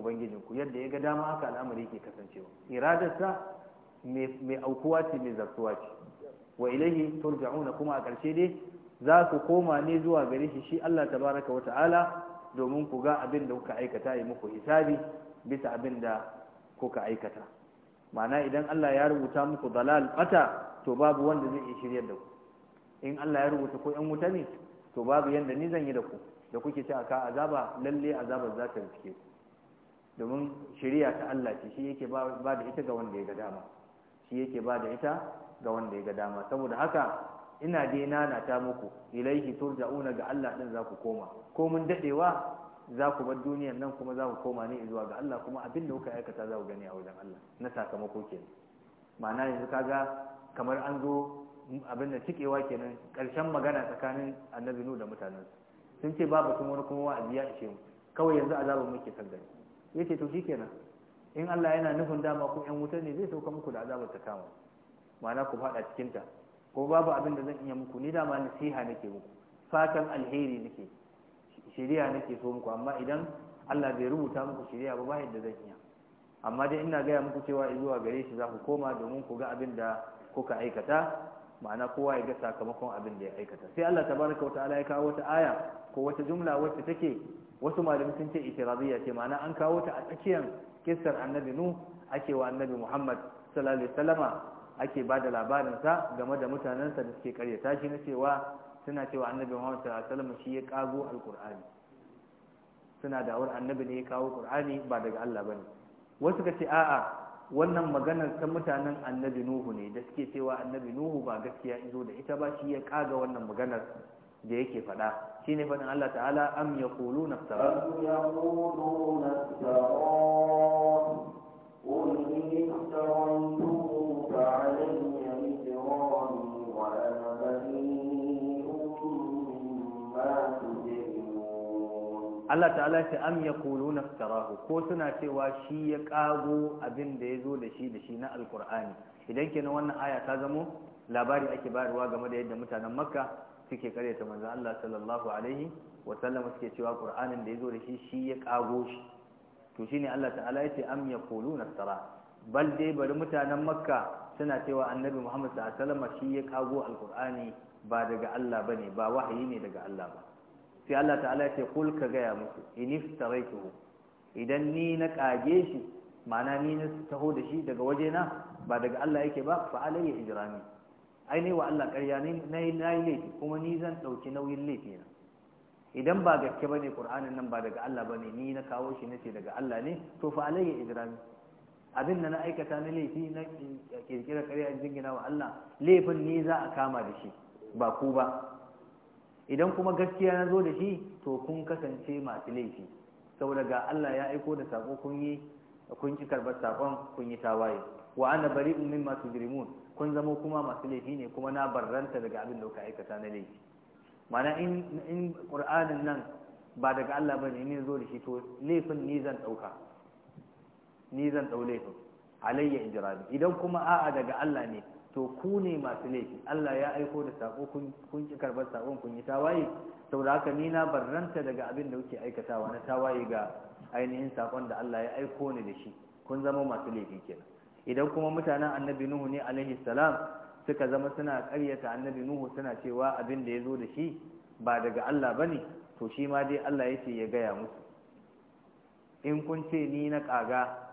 ku. yadda ya ga dama haka al'amari yake kasancewa iradarsa mai aukuwa ce mai zartuwa ce wa ilaihi turja'una kuma a karshe dai za ku koma ne zuwa gare shi shi Allah tabaraka wa ta'ala domin ku ga abin da kuka aikata yi muku hisabi bisa abin da kuka aikata Mana idan Allah ya rubuta muku dalal bata to babu wanda zai iya shiryar da ku in Allah ya rubuta ko yan wuta ne to babu yanda ni zan yi da ku da kuke ci aka azaba lalle azabar za ta rike ku domin shari'a ta Allah ce shi yake ba da ita ga wanda ya ga dama shi yake ba da ita ga wanda ya ga dama saboda haka ina dai nana ta muku ilaihi turja'una ga Allah din za ku koma ko mun dadewa za ku bar duniyar nan kuma za ku koma ne zuwa ga Allah kuma abin da kuka aikata za ku gani a wajen Allah na sakamako kenan ma'ana yanzu kaga kamar an zo abin da cikewa kenan karshen magana tsakanin annabi nu da mutanen sun ce babu sun wani kuma wa'azi ya ishe mu kawai yanzu azabar muke san gani yace to kenan in Allah yana nufin dama ko yan wuta ne zai sauka muku da azabar ta kama ma'ana ku fada cikin ta ko babu abin da zan iya muku ni dama nasiha nake muku fatan alheri nake shari'a nake so muku amma idan Allah bai rubuta muku shari'a ba ba yadda zan iya amma dai ina gaya muku cewa zuwa gare shi za ku koma domin ku ga abin da kuka aikata ma'ana kowa ya ga sakamakon abin da ya aikata sai Allah tabaraka wa ta'ala ya kawo wata aya ko wata jumla wacce take wasu malamin sun ce itiraziyya ce ma'ana an kawo ta a tsakiyar kissar annabi nu ake wa annabi muhammad sallallahu alaihi wasallama ake ba da labarinsa game da mutanensa da suke karyata shi na cewa suna cewa annabi muhammad sallallahu alaihi shi ya kago alqur'ani suna da wani annabi ne ya kawo qur'ani ba daga Allah bane wasu ka ce a'a wannan maganar ta mutanen annabi nuhu ne da suke cewa annabi nuhu ba gaskiya izo da ita ba shi ya kaga wannan maganar da yake faɗa shine faɗin Allah ta'ala am yaquluna iftara am yaquluna iftara qul in Allah ta'ala ce am ya kulu iftarahu ko suna cewa shi ya kago abin da ya zo da shi da shi na alqur'ani idan kenan wannan aya ta zamo labari ake bayarwa game da yadda mutanen makka suke karyata manzon Allah sallallahu alaihi wa sallam suke cewa qur'anin da ya zo da shi shi ya kago shi to shine Allah ta'ala ya ce am ya kulu iftara bal dai bari mutanen makka suna cewa annabi Muhammad sallallahu alaihi wa shi ya kago alkur'ani ba daga Allah bane ba wahayi ne daga Allah ba sai Allah ta'ala ya ce kul ka gaya musu inif taraitu idan ni na kage shi ma'ana ni na taho da shi daga waje na ba daga Allah yake ba fa alayya hijrani ai ne wa Allah ƙarya ne na yi laifi kuma ni zan dauki nauyin laifi na idan ba gaske bane Qur'anin nan ba daga Allah bane ni na kawo shi nace daga Allah ne to fa alayya hijrani abin da na aikata na laifi na kirkira ƙarya jingina wa Allah laifin ni za a kama da shi ba ku ba idan kuma gaskiya na zo da shi to kun kasance masu laifi saboda ga Allah ya aiko da sako kun yi kun ki karbar sakon kun yi tawaye wa ana min mimma tujrimun kun zama kuma masu laifi ne kuma na barranta daga abin da kuka aikata na laifi mana in in qur'anin nan ba daga Allah ba ne zo da shi to laifin ni zan dauka ni zan dau laifin alayya idan kuma a'a daga Allah ne to ku ne masu laifi Allah ya aiko da sako kun ki karbar sakon kun yi tawaye saboda haka ni na barranta daga abin da kuke aikatawa na tawaye ga ainihin sakon da Allah ya aiko ni da shi kun zama masu laifi kenan idan kuma mutanen annabi nuhu ne alaihi salam suka zama suna karyata annabi nuhu suna cewa abin da ya zo da shi ba daga Allah bane to shi ma dai Allah ya ce ya gaya musu in kun ce ni na kaga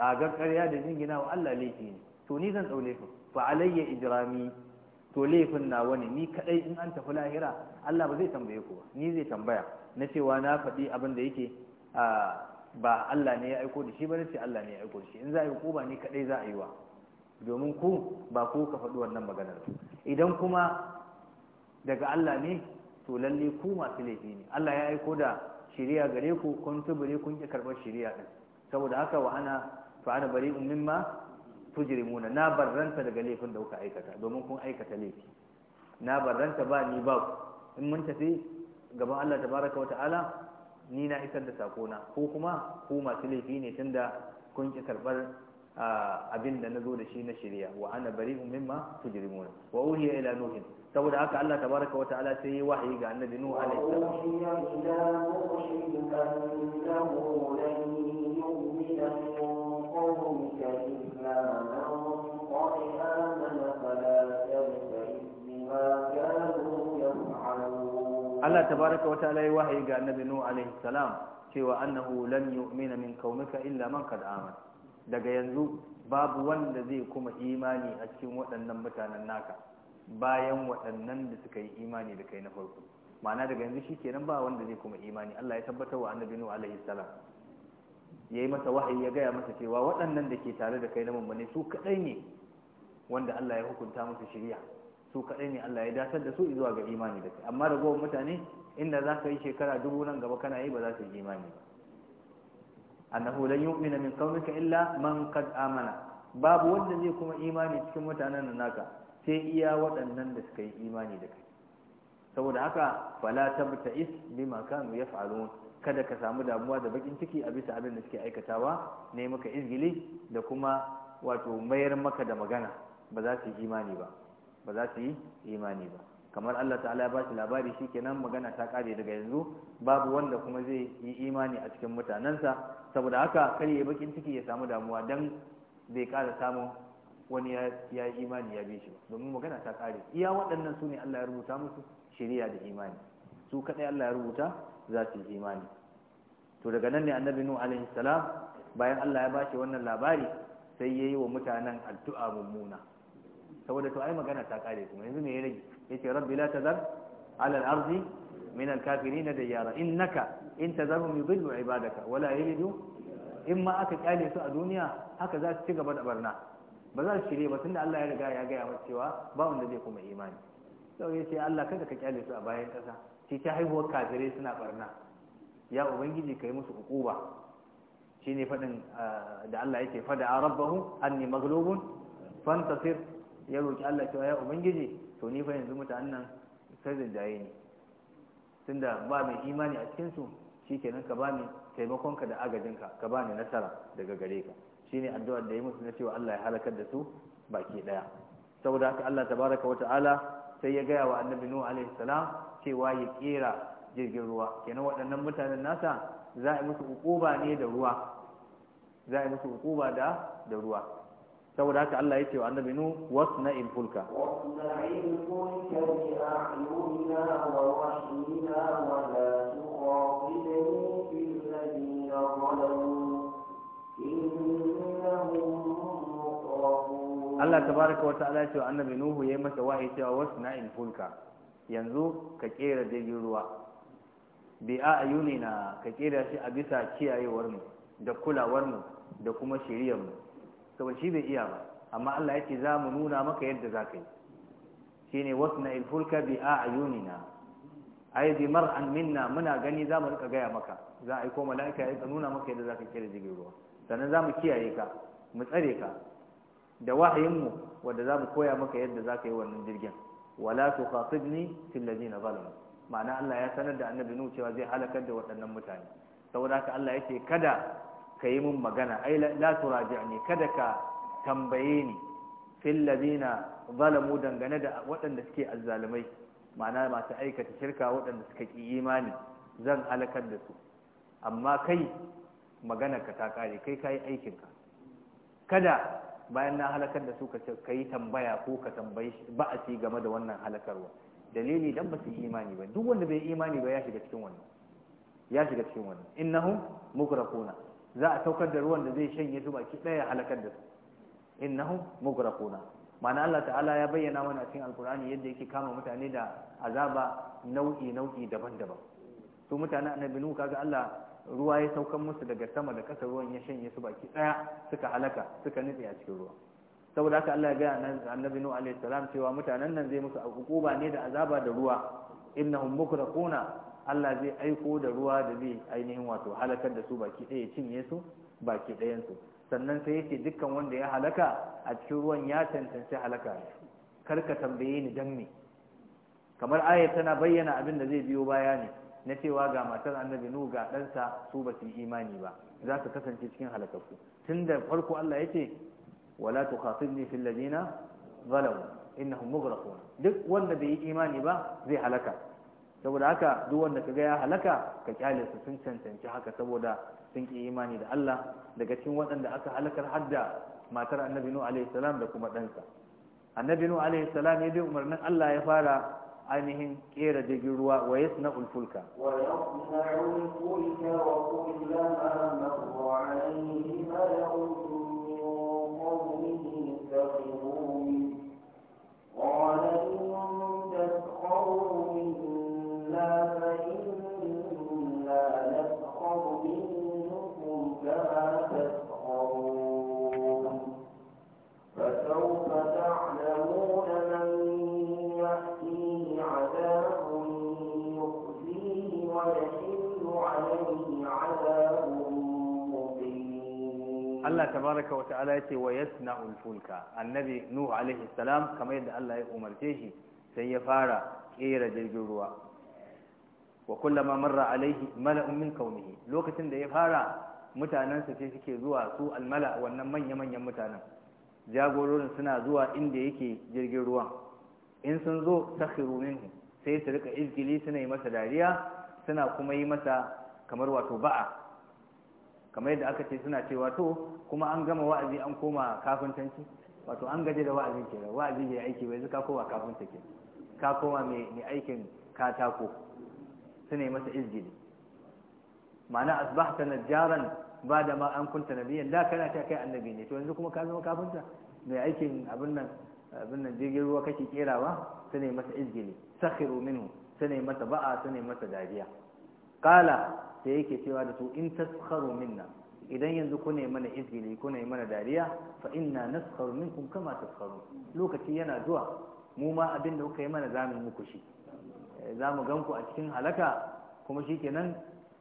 Ƙagar ƙarya da jingina wa Allah laifi ne to ni zan ɗau ku fa alayya ijrami to laifin na wani ni kadai in an tafi lahira Allah ba zai tambaye ku ni zai tambaya na cewa na faɗi abin da yake ba Allah ne ya aiko da shi ba ce Allah ne ya aiko da shi in za a yi ko ni kadai za a yi wa domin ku ba ku ka faɗi wannan maganar idan kuma daga Allah ne to lalle ku masu laifi ne Allah ya aiko da shiriya gare ku kun tubure kun ki karɓar shiriya din saboda haka wa ana fa bari'un mimma tujrimuna na barranta daga laifin da kuka aikata domin kun aikata laifi na barranta ba ni ba in mun tafi gaban Allah tabaraka wa ta'ala ni na isar da sakona ko kuma ku masu laifi ne tunda kun ki karbar abin da nazo da shi na shirya wa ana bari'un mimma tujrimuna wa uhiya ila nuhin saboda haka Allah tabaraka wa ta'ala sai yi wahayi ga annabi nuhu alaihi salam uhiya ila nuhin annahu lan yu'mina min qawmika Allah tabaraka wa ta'ala yi wahayi ga annabi Nuhu alaihi salam cewa annahu lan yu'mina min qaumika illa man da aman daga yanzu babu wanda zai kuma imani a cikin waɗannan mutanen naka bayan waɗannan da suka yi imani da kai na farko ma'ana daga yanzu shi kenan ba wanda zai kuma imani Allah ya tabbatar wa annabi Nuhu alaihi salam ya yi masa wahayi ya gaya masa cewa waɗannan da ke tare da kai na mummune su kaɗai ne wanda Allah ya hukunta musu shirya su kaɗai ne Allah ya datar da su zuwa ga imani da kai amma ragowar mutane inda za ka yi shekara dubu nan gaba kana yi ba za su yi imani ba annahu lan yu'mina min qaumika illa man qad amana babu wanda zai kuma imani cikin mutanen nan naka sai iya waɗannan da suka yi imani da kai saboda haka fala is bima kanu yaf'alun kada ka samu damuwa da bakin ciki a bisa abin da suke aikatawa ne maka izgili da kuma wato mayar maka da magana ba za su yi imani ba ba za su yi imani ba kamar Allah ta'ala ya ba shi labari shikenan magana ta kare daga yanzu babu wanda kuma zai yi imani a cikin mutanensa saboda haka kar ya bakin ciki ya samu damuwa dan zai kara samun wani ya yi imani ya bi shi domin magana ta kare iya waɗannan su ne Allah ya rubuta musu shari'a da imani su kaɗai Allah ya rubuta za su yi imani to daga nan ne annabi nuhu alaihi salam bayan Allah ya bashi wannan labari sai yayi wa mutanen addu'a mummuna saboda to ai magana ta kare kuma yanzu me ya rage yace rabbi la tazar ala al-ardi min al-kafirin yara innaka in tazarhum yudillu ibadaka wala yalidu in ma aka kyale su a duniya haka za su ci gaba da barna ba za su shirye ba tunda Allah ya riga ya gaya masu cewa ba wanda zai kuma imani sau ya ce Allah kada ka kyale su a bayan ƙasa ce ta haihuwar kafirai suna barna ya ubangiji ka yi musu hukuba shi ne faɗin ah, da Allah yake fada a rabbahu anni maglubun fantasir ya roƙi Allah cewa ya ubangiji to ni fa yanzu mutanen nan sai rinjaye ne tunda ba mai imani a cikinsu kenan ka ba bani taimakonka da agajinka ka ba ni nasara daga gare ka shine addu'ar da ya musu na cewa Allah ya halakar da su baki daya saboda haka Allah tabaraka wa ta'ala sai ya gaya wa annabi nuhu alaihi salam cewa ya kera jirgin ruwa kenan waɗannan mutanen nasa za a yi musu hukuba ne da ruwa za a yi musu hukuba da da ruwa saboda haka Allah ya ce wa annabi nu wasna in fulka wasna Allah ta baraka wa ta'ala cewa annabi Nuhu ya yi masa wahayi cewa wasu na'in fulka yanzu ka kera jirgin ruwa bi a na ka kera shi a bisa kiyayewar mu da kulawar mu da kuma shiriyar mu saboda shi bai iya ba amma Allah yake za mu nuna maka yadda za ka yi shine na'in fulka bi a A ai bi mar'an minna muna gani za mu rika gaya maka za a yi ko mala'ika ya nuna maka yadda za ka kera jirgin ruwa sannan za mu kiyaye ka mu tsare ka da wahayinmu wanda za mu koya maka yadda za ka yi wannan jirgin wala tu khatibni fil ladina zalamu ma'ana Allah ya sanar da annabi nuhu cewa zai halakar da waɗannan mutane saboda haka Allah yake kada ka yi min magana ai la turaji'ni kada ka tambaye ni fil ladina zalamu dangane da waɗanda suke azzalumai ma'ana masu aikata shirka waɗanda suka ki imani zan halakar da su amma kai magana ka ta kare kai kai aikinka kada bayan na halakar da su ka yi tambaya ko ka tambayi ba'asi game da wannan halakarwa dalili dan ba su imani ba duk wanda bai imani ba ya shiga cikin wannan ya shiga cikin wannan innahum mugraquna za a saukar da ruwan da zai shanye su baki daya halakar da su innahum mugraquna ma'ana Allah ta'ala ya bayyana mana cikin alkur'ani yadda yake kama mutane da azaba nau'i nau'i daban-daban to mutane annabi kaga Allah ruwa ya saukan musu daga sama da ƙasa ruwan ya shanye su baki ɗaya suka halaka suka nutse a cikin ruwa saboda haka Allah ya ga annabi nuh alayhi salam cewa mutanen nan zai musu hukuba ne da azaba da ruwa innahum mukraquna Allah zai aiko da ruwa da zai ainihin wato halakar da su baki ɗaya cinye su baki ɗayan su sannan sai yake dukkan wanda ya halaka a cikin ruwan ya tantance halaka kar ka tambaye ni dan me kamar ayat tana bayyana abin da zai biyo baya ne na cewa ga matar annabi nuhu ga ɗansa su ba su yi imani ba za su kasance cikin halakakku tun da farko Allah ya ce wala tukhatibni fil ladina zalamu innahum mughraqun duk wanda bai yi imani ba zai halaka saboda haka duk wanda kaga ya halaka ka kyale su sun cancanci haka saboda sun ki imani da Allah daga cikin waɗanda aka halakar hadda matar annabi nuhu alaihi salam da kuma ɗansa annabi nuhu alaihi salam ya bi umarnin Allah ya fara ainihin kera jirgin ruwa wa yasna ulfulka قال Allah tabaraka wa ta'ala yace wa yasna'ul fulka annabi nuhu alaihi salam kamar yadda Allah ya umarce shi sai ya fara kera jirgin ruwa wa kullama marra alaihi mala'un min kaunihi lokacin da ya fara mutanensa ce suke zuwa su almala wannan manya manyan mutanen jagororin suna zuwa inda yake jirgin ruwan in sun zo sakhiru minhu sai su rika izgili suna yi masa dariya suna kuma yi masa kamar wato ba'a kamar yadda aka ce suna cewa to kuma an gama wa'azi an koma kafintanci wato an gaje da wa'azin ke wa'azi bai aiki bai zuka kowa kafinta ke ka koma mai aikin katako su ne masa izgili ma'ana asbahta jaran ba da ma an kunta biyan da kana ta kai annabi ne to yanzu kuma ka zama kafinta mai aikin abin nan abin nan jirgin ruwa kake kerawa su ne masa izgili sakhiru minhu su ne masa ba'a su ne masa dariya qala sai yake cewa da su in taskharu minna idan yanzu ku ne mana izini ku ne mana dariya fa inna naskharu minkum kama taskharu lokaci yana zuwa mu ma abin da kuka yi mana zamu muku shi eh, za mu gan ku a cikin halaka kuma shikenan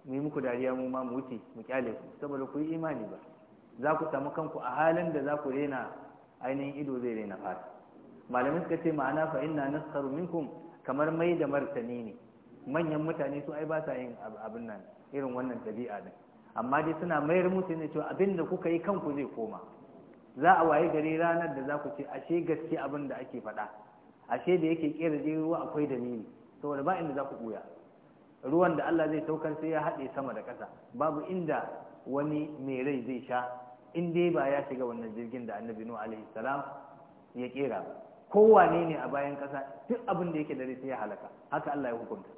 mu yi muku dariya mu ma mu wuce mu kyale ku saboda ku yi imani ba za ku samu kanku a halin da za ku rena ainihin ido zai rena fata malamin suka ce ma'ana fa inna naskharu minkum kamar mai da martani ne manyan mutane su ai ba sa yin abin nan irin wannan dabi'a ne. amma dai suna mayar musu ne cewa abin da kuka yi kanku zai koma za a waye gari ranar da za ku ce ashe gaske abin da ake faɗa ashe da yake kera jirgin ruwa akwai dalili saboda ba inda za ku buya. ruwan da Allah zai saukar sai ya haɗe sama da ƙasa babu inda wani mai rai zai sha in dai ba ya shiga wannan jirgin da annabi nuhu alaihi salam ya ƙera. kowane ne a bayan ƙasa duk abin da yake da rai sai ya halaka haka Allah ya hukunta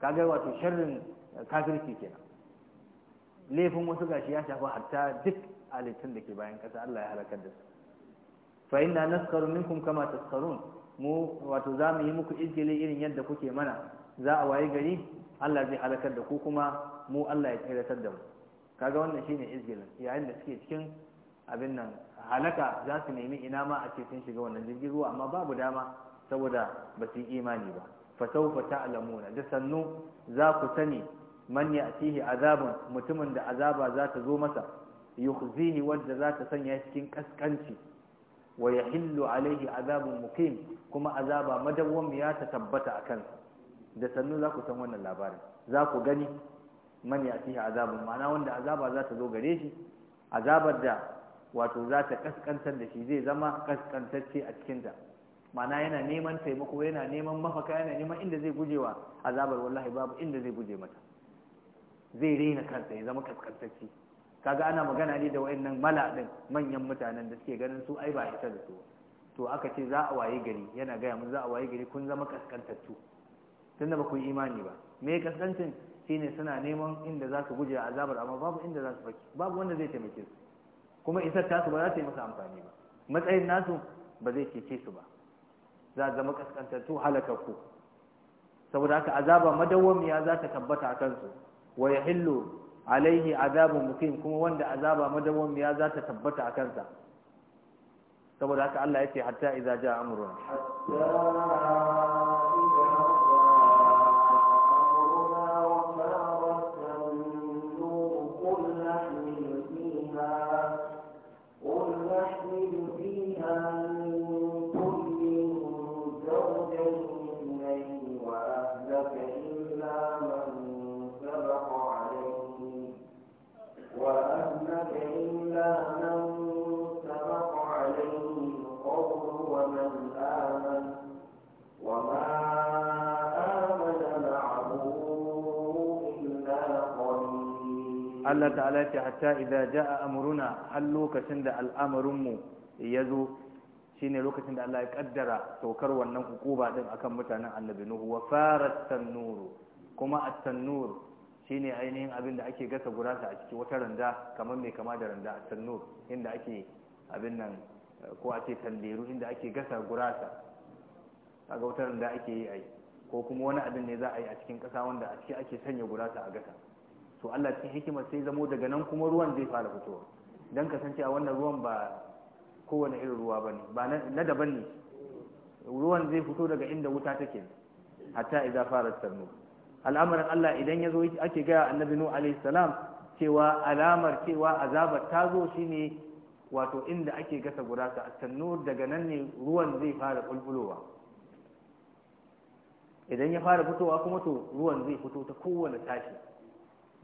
kaga wato sharrin kafirci kenan laifin wasu gashi ya shafa hatta duk alitin da ke bayan kasa Allah ya halakar da su fa inna naskaru minkum kama taskarun mu wato za mu yi muku izgili irin yadda kuke mana za a waye gari Allah zai halakar da ku kuma mu Allah ya tsiratar da mu kaga wannan shine izgilin yayin da suke cikin abin nan halaka za su nemi ina ma a ce sun shiga wannan jirgin ruwa amma babu dama saboda ba su yi imani ba fa sauka ta'lamuna da sannu za ku sani man tihi azabun mutumin da azaba za ta zo masa yukhzihi wadda za ta sanya cikin kaskanci wa yahillu alaihi azabun muqim kuma azaba madawwam ya ta tabbata a kansa da sannu za ku san wannan labarin za ku gani man tihi azabun ma'ana wanda azaba za ta zo gare shi azabar da wato za ta kaskantar da shi zai zama kaskantacce a cikinta ma'ana yana neman taimako yana neman mafaka yana neman inda zai gujewa azabar wallahi babu inda zai guje mata zai raina kansa ya zama kaskantacci kaga ana magana ne da wayannan malaɗin manyan mutanen da suke ganin su ai ba ita da su to aka ce za a waye gari yana gaya mun za a waye gari kun zama kaskantattu tunda ba ku imani ba me kaskancin shine suna neman inda za su guje azabar amma babu inda za su faki babu wanda zai taimake su kuma isar su ba za ta yi masa amfani ba matsayin nasu ba zai cece su ba za zama kaskantattu halakakku saboda haka azaba madawwamiya za ta tabbata a kansu wa yahillu alaihi azabin mukim kuma wanda azaba madawwam ya za ta tabbata a kansa saboda haka Allah ya ce hatta idza a amruna Allah ta'ala ce hatta idza jaa amruna har lokacin da al'amarin mu ya zo shine lokacin da Allah ya kaddara saukar wannan hukuba din akan mutanen annabi nuhu wa farat tanuru kuma at-tanur shine ainihin abin da ake gasa gurasa a cikin wata randa kamar mai kama da randa at-tanur inda ake abin nan ko a ce tanderu inda ake gasa gurasa kaga wata randa ake yi ai ko kuma wani abin ne za a yi a cikin ƙasa wanda a ciki ake sanya gurasa a gasa to Allah cikin hikima sai zamo daga nan kuma ruwan zai fara fitowa don kasance a wannan ruwan ba kowane irin ruwa bane ba na daban ne ruwan zai fito daga inda wuta take hatta idza fara tarnu al'amarin Allah idan ya zo ake gaya annabi nuh alaihi salam cewa alamar cewa azabar ta zo shine wato inda ake gasa gurasa a tannur daga nan ne ruwan zai fara bulbulowa idan ya fara fitowa kuma to ruwan zai fito ta kowane tashi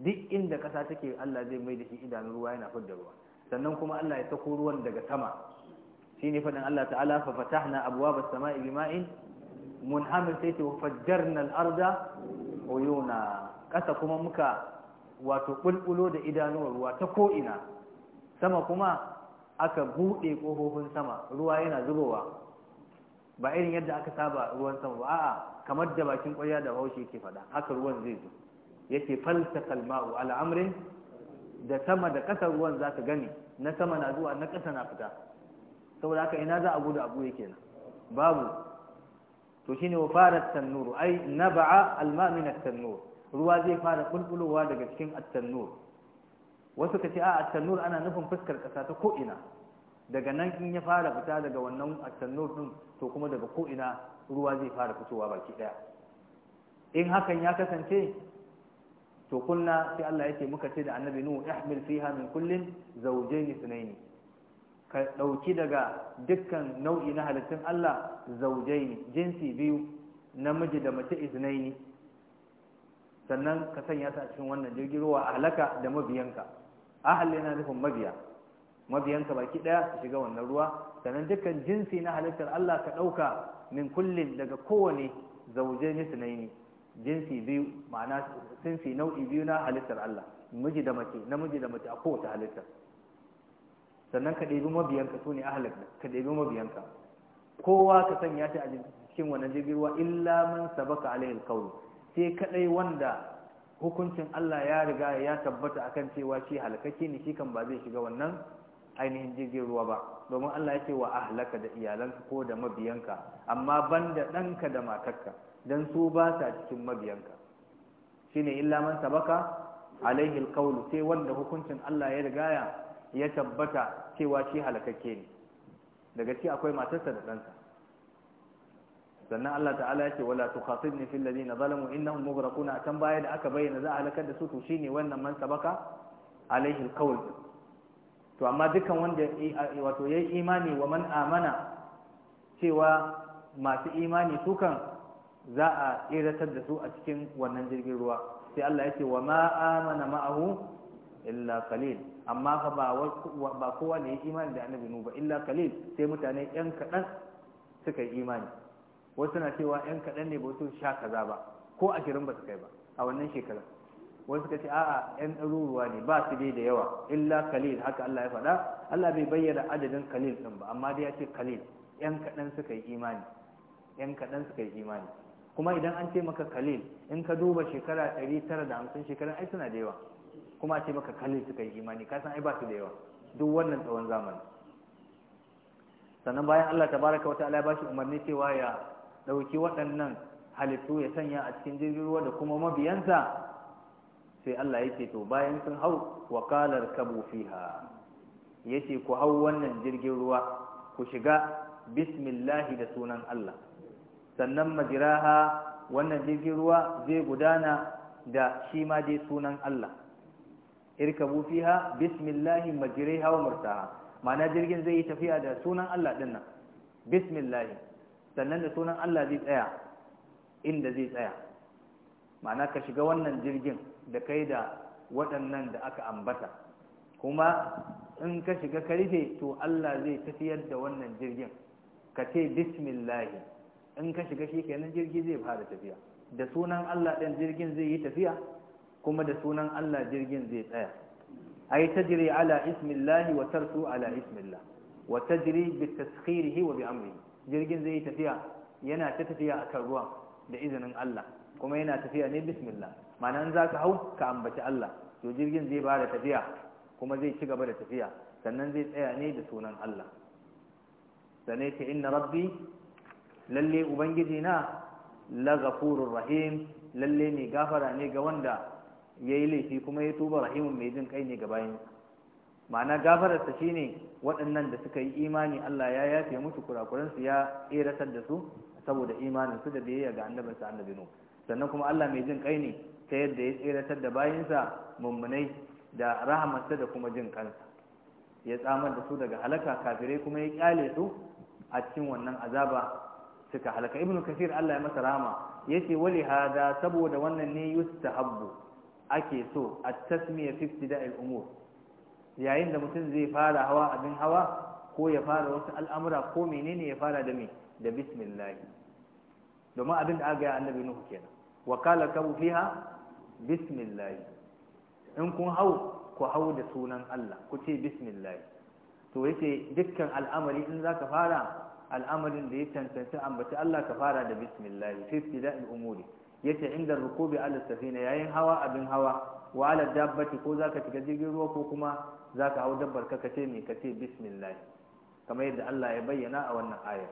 duk inda kasa take Allah zai mai da shi idanun ruwa yana fidda ruwa sannan kuma Allah ya sako ruwan daga sama shine faɗin Allah ta'ala fa fatahna abwaba samai bima'in munhamir sai ce fajjarna al-arda uyuna kasa kuma muka wato bulbulo da idanun ruwa ta ko ina sama kuma aka bude kofofin sama ruwa yana zubowa ba irin yadda aka saba ruwan sama ba a'a kamar da bakin ƙwarya da haushi yake faɗa haka ruwan zai zo yake falsafal ma'u al'amrin da sama da ƙasar ruwan za ka gani na sama na zuwa na ƙasa na fita saboda haka ina za a gudu abu yake nan babu to shine wa fara tannuru ai naba'a alma min at-tannur ruwa zai fara bulbulowa daga cikin at-tannur wasu ka ce a at-tannur ana nufin fuskar ƙasa ta ko ina daga nan in ya fara fita daga wannan at-tannur din to kuma daga ko ina ruwa zai fara fitowa baki daya in hakan ya kasance to kunna sai Allah yake muka ce da annabi nuhu ihmil fiha min kullin zawjayn ithnayn ka dauki daga dukkan nau'i na halittun Allah zawjayn jinsi biyu namiji da mace ithnayn sannan ka sanya ta cikin wannan jirgin ruwa ahlaka da mabiyanka ahal yana nufin mabiya mabiyanka baki daya su shiga wannan ruwa sannan dukkan jinsi na halittar Allah ka dauka min kullin daga kowane zawjayn ithnayn jinsi biyu ma'ana sinsi nau'i biyu na halittar Allah namiji da mace a kowace halittar sannan ka ɗebi mabiyanka su ne ahalak ka ɗebi mabiyanka kowa ka sanya ta a cikin wani jirgin ruwa illa man sabaka alaihi sai kaɗai wanda hukuncin Allah ya riga ya tabbata akan cewa shi halakaki ne shi kan ba zai shiga wannan ainihin jirgin ruwa ba domin Allah ya ce wa ahalaka da iyalanka ko da mabiyanka amma banda ɗanka da matarka dan su ba sa cikin mabiyanka shine illa man sabaka alaihi alqawl sai wanda hukuncin Allah ya rigaya ya tabbata cewa shi halakakke ne daga ci akwai matarsa da ɗansa sannan Allah ta'ala ya ce wala tukhatibni fil ladina zalamu innahum mughraquna tan baya da aka bayyana za a halakar da su to shine wannan man sabaka alaihi alqawl to amma dukan wanda wato yayi imani wa man amana cewa masu imani su kan za a tseratar da su a cikin wannan jirgin ruwa sai Allah ya ce wa ma amana ma'ahu illa qalil amma fa ba kowa ne ya imani da annabi nuhu ba illa qalil sai mutane yan kadan suka yi imani wasu na cewa yan kadan ne ba su sha kaza ba ko 20 ba su kai ba a wannan shekarar wasu suka ce a'a yan ɗaruruwa ne ba su dai da yawa illa kalil haka Allah ya faɗa Allah bai bayyana adadin kalil ɗin ba amma dai ya ce kalil yan kaɗan suka yi imani yan kaɗan suka yi imani kuma idan an ce maka kalil in ka duba shekara 950 shekaran ai suna da yawa kuma a ce maka kalil suka yi imani ka san ai ba su da yawa duk wannan tsawon zamani sannan bayan Allah ta baraka wata ta'ala ba bashi umarni cewa ya dauki waɗannan halittu ya sanya a cikin jirgin ruwa da kuma mabiyansa sai Allah yake to bayan sun hau wa qalar kabu fiha yace ku hau wannan jirgin ruwa ku shiga bismillahi da sunan Allah sannan majiraha wannan jirgin ruwa zai gudana da shi ma dai sunan Allah irkabu fiha bismillahi majriha wa martaha ma'ana jirgin zai yi tafiya da sunan Allah din nan bismillahi sannan da sunan Allah zai tsaya inda zai tsaya ma'ana ka shiga wannan jirgin da kai da waɗannan da aka ambata kuma in ka shiga ka rufe to Allah zai tafiyar da wannan jirgin ka ce bismillahi in ka shiga shi kenan jirgi zai fara tafiya da sunan Allah ɗin jirgin zai yi tafiya kuma da sunan Allah jirgin zai tsaya ai tajri ala ismillahi wa tarsu ala ismillah wa tajri bi taskhirihi wa bi amri jirgin zai yi tafiya yana ta tafiya akan ruwa da izinin Allah kuma yana tafiya ne bismillah ma'ana in zaka hau ka ambaci Allah to jirgin zai fara tafiya kuma zai ci gaba da tafiya sannan zai tsaya ne da sunan Allah sannan inna rabbi lalle ubangiji na la ghafurur rahim lalle ne gafara ne ga wanda ya yi laifi kuma ya tuba rahimun mai jin kai ne ga bayan ma'ana gafararsa shine waɗannan da suka yi imani Allah ya yafe musu kurakuransu ya tsiratar da su saboda imanin su da biyayya ga annabinsa annabi nu sannan kuma Allah mai jin kai ne ta yadda ya tsiratar da bayinsa mummunai da rahamarsa da kuma jin kansa ya tsamar da su daga halaka kafirai kuma ya kyale su a cikin wannan azaba suka halaka ibn kasir Allah ya masa ya yace wali hada saboda wannan ne yustahabbu ake so at tasmiya fi ibtida'il umur yayin da mutum zai fara hawa abin hawa ko ya fara wasu al'amura ko menene ya fara da me da bismillah domin abin da aka yi annabi nuhu kenan wa qala kabu fiha bismillah in kun hau ku hau da sunan Allah ku ce bismillah to yace dukkan al'amari in zaka fara al'amarin da ya cancanci ambaci Allah ka fara da bismillah fi ibtida'il umuri yace inda rukubi ala safina yayin hawa abin hawa wa ala dabbati ko zaka shiga jirgin ruwa ko kuma zaka hau dabbar ka kace me kace bismillah kamar yadda Allah ya bayyana a wannan aya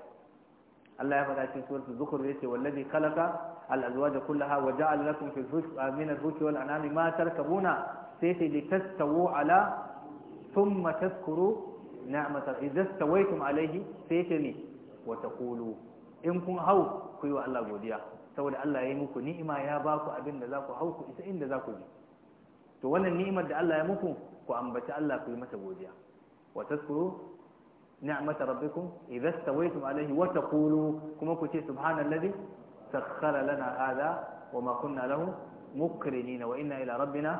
Allah ya faɗa cikin suratul zukhruf yace wallazi khalaqa al-azwaj kullaha wa ja'ala lakum fil fulki ah, min al-fulki wal anami ma tarkabuna sai sai litastawu ala thumma tadhkuru sai wa taqulu in kun hau ku wa Allah godiya saboda Allah ya yi muku ni'ima ya baku ku abin za ku hau ku isa inda za ku je to wannan ni'imar da Allah ya muku ku ambaci Allah ku yi masa godiya wa tazkuru ni'mata rabbikum idza stawaytum alayhi wa taqulu kuma ku ce subhanallazi sakhkhara lana hadha wa ma kunna lahu mukrinina wa inna ila rabbina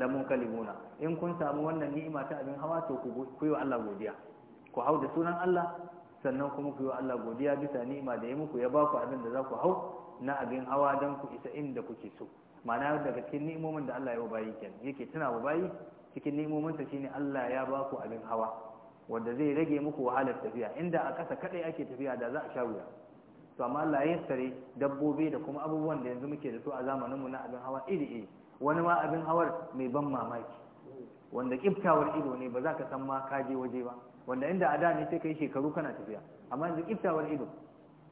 lamunqalibuna in kun samu wannan ni'ima ta abin hawa to ku wa Allah godiya ku hau da sunan Allah sannan kuma ku yi wa Allah godiya bisa ni'ima da ya muku ya ba ku abin da za ku hau na abin hawa don ku isa inda kuke so ma'ana daga cikin ni'imomin da Allah ya wa bayi kenan yake tuna wa bayi cikin ni'imomin ni'imominsa shine Allah ya ba ku abin hawa wanda zai rage muku wahalar tafiya inda a ƙasa kaɗai ake tafiya da za a sha wuya to amma Allah ya sare dabbobi da kuma abubuwan da yanzu muke da su a zamanin mu na abin hawa iri iri wani ma abin hawar mai ban mamaki wanda kiftawar ido ne ba za ka san ma ka je waje ba wanda inda a da ne sai kai shekaru kana tafiya amma yanzu iftawar ido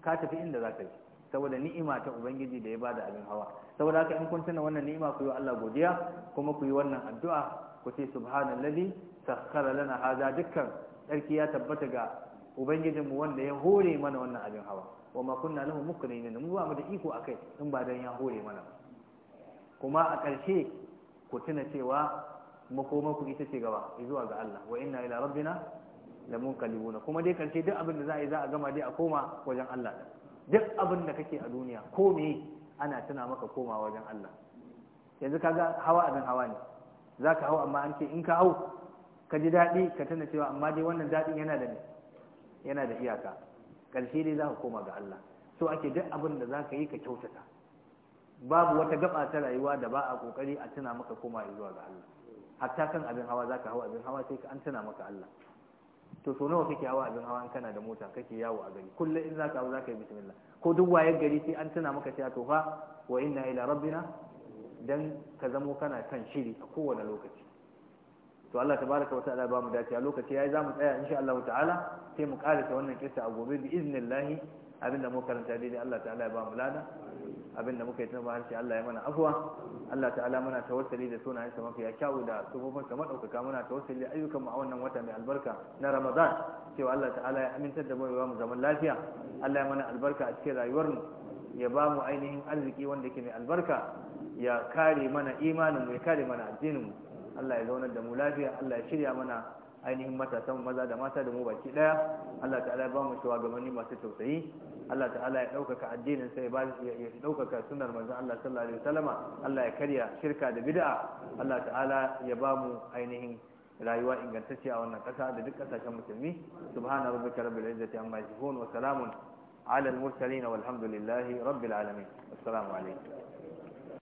ka tafi inda za ka yi saboda ni'ima ta ubangiji da ya ba da abin hawa saboda haka in kun tuna wannan ni'ima ku yi Allah godiya kuma ku yi wannan addu'a ku ce subhanallazi sakhkhara lana hada dukkan sarki ya tabbata ga ubangijinmu wanda ya hore mana wannan abin hawa wa ma kunna lahu mukrinin mu ba mu da iko akai in ba dan ya hore mana kuma a ƙarshe ku tuna cewa makomanku ita ce gaba zuwa ga Allah wa inna ila rabbina da munqalibuna kuma dai karshe duk abin da za a yi za a gama dai a koma wajen Allah duk abin da kake a duniya ko me ana tuna maka koma wajen Allah yanzu kaga hawa abin hawa ne zaka hau amma an ce in ka hau ka ji daɗi ka tana cewa amma dai wannan daɗin yana da yana da iyaka ƙarshe dai za ka koma ga Allah so ake duk abin da za ka yi ka kyautata babu wata gaba ta rayuwa da ba a kokari a tuna maka koma zuwa ga Allah hatta kan abin hawa za ka hau abin hawa sai ka an tuna maka Allah to so nawa kake hawa abin hawa kana da mota kake yawo a gari kullum in zaka za ka yi bismillah ko duk wayar gari sai an tuna maka cewa to fa wa inna ila rabbina dan ka zamo kana kan shiri a kowane lokaci to Allah tabaraka wa ta'ala ba mu dace a lokaci yayi zamu tsaya insha Allah ta'ala sai mu karanta wannan kissa a gobe bi iznillahi abinda muka karanta daidai Allah ta'ala ya ba mu lada abinda muka yi ta ba harshe Allah ya mana afuwa Allah ta'ala muna tawassuli da sunayen sa mafiya kyau da sabobin sa madaukaka muna tawassuli ayyukan mu a wannan wata mai albarka na Ramadan cewa Allah ta'ala ya amintar da mu ya mu zaman lafiya Allah ya mana albarka a cikin rayuwar mu ya ba mu ainihin arziki wanda ke mai albarka ya kare mana imanin mu ya kare mana addinin mu Allah ya zaunar da mu lafiya Allah ya shirya mana ainihin matasan maza da mata da mu baki daya Allah ta'ala ya ba mu shugabanni masu tausayi Allah ta'ala ya ɗaukaka addinin sai ba ya ɗaukaka sunar manzon Allah sallallahu alaihi wasallama Allah ya karya shirka da bid'a Allah ta'ala ya ba mu ainihin rayuwa ingantacce a wannan ƙasa da duk ƙasashen musulmi subhana rabbika rabbil izzati amma yasifun wa salamun ala al mursalin walhamdulillahi rabbil alamin assalamu alaikum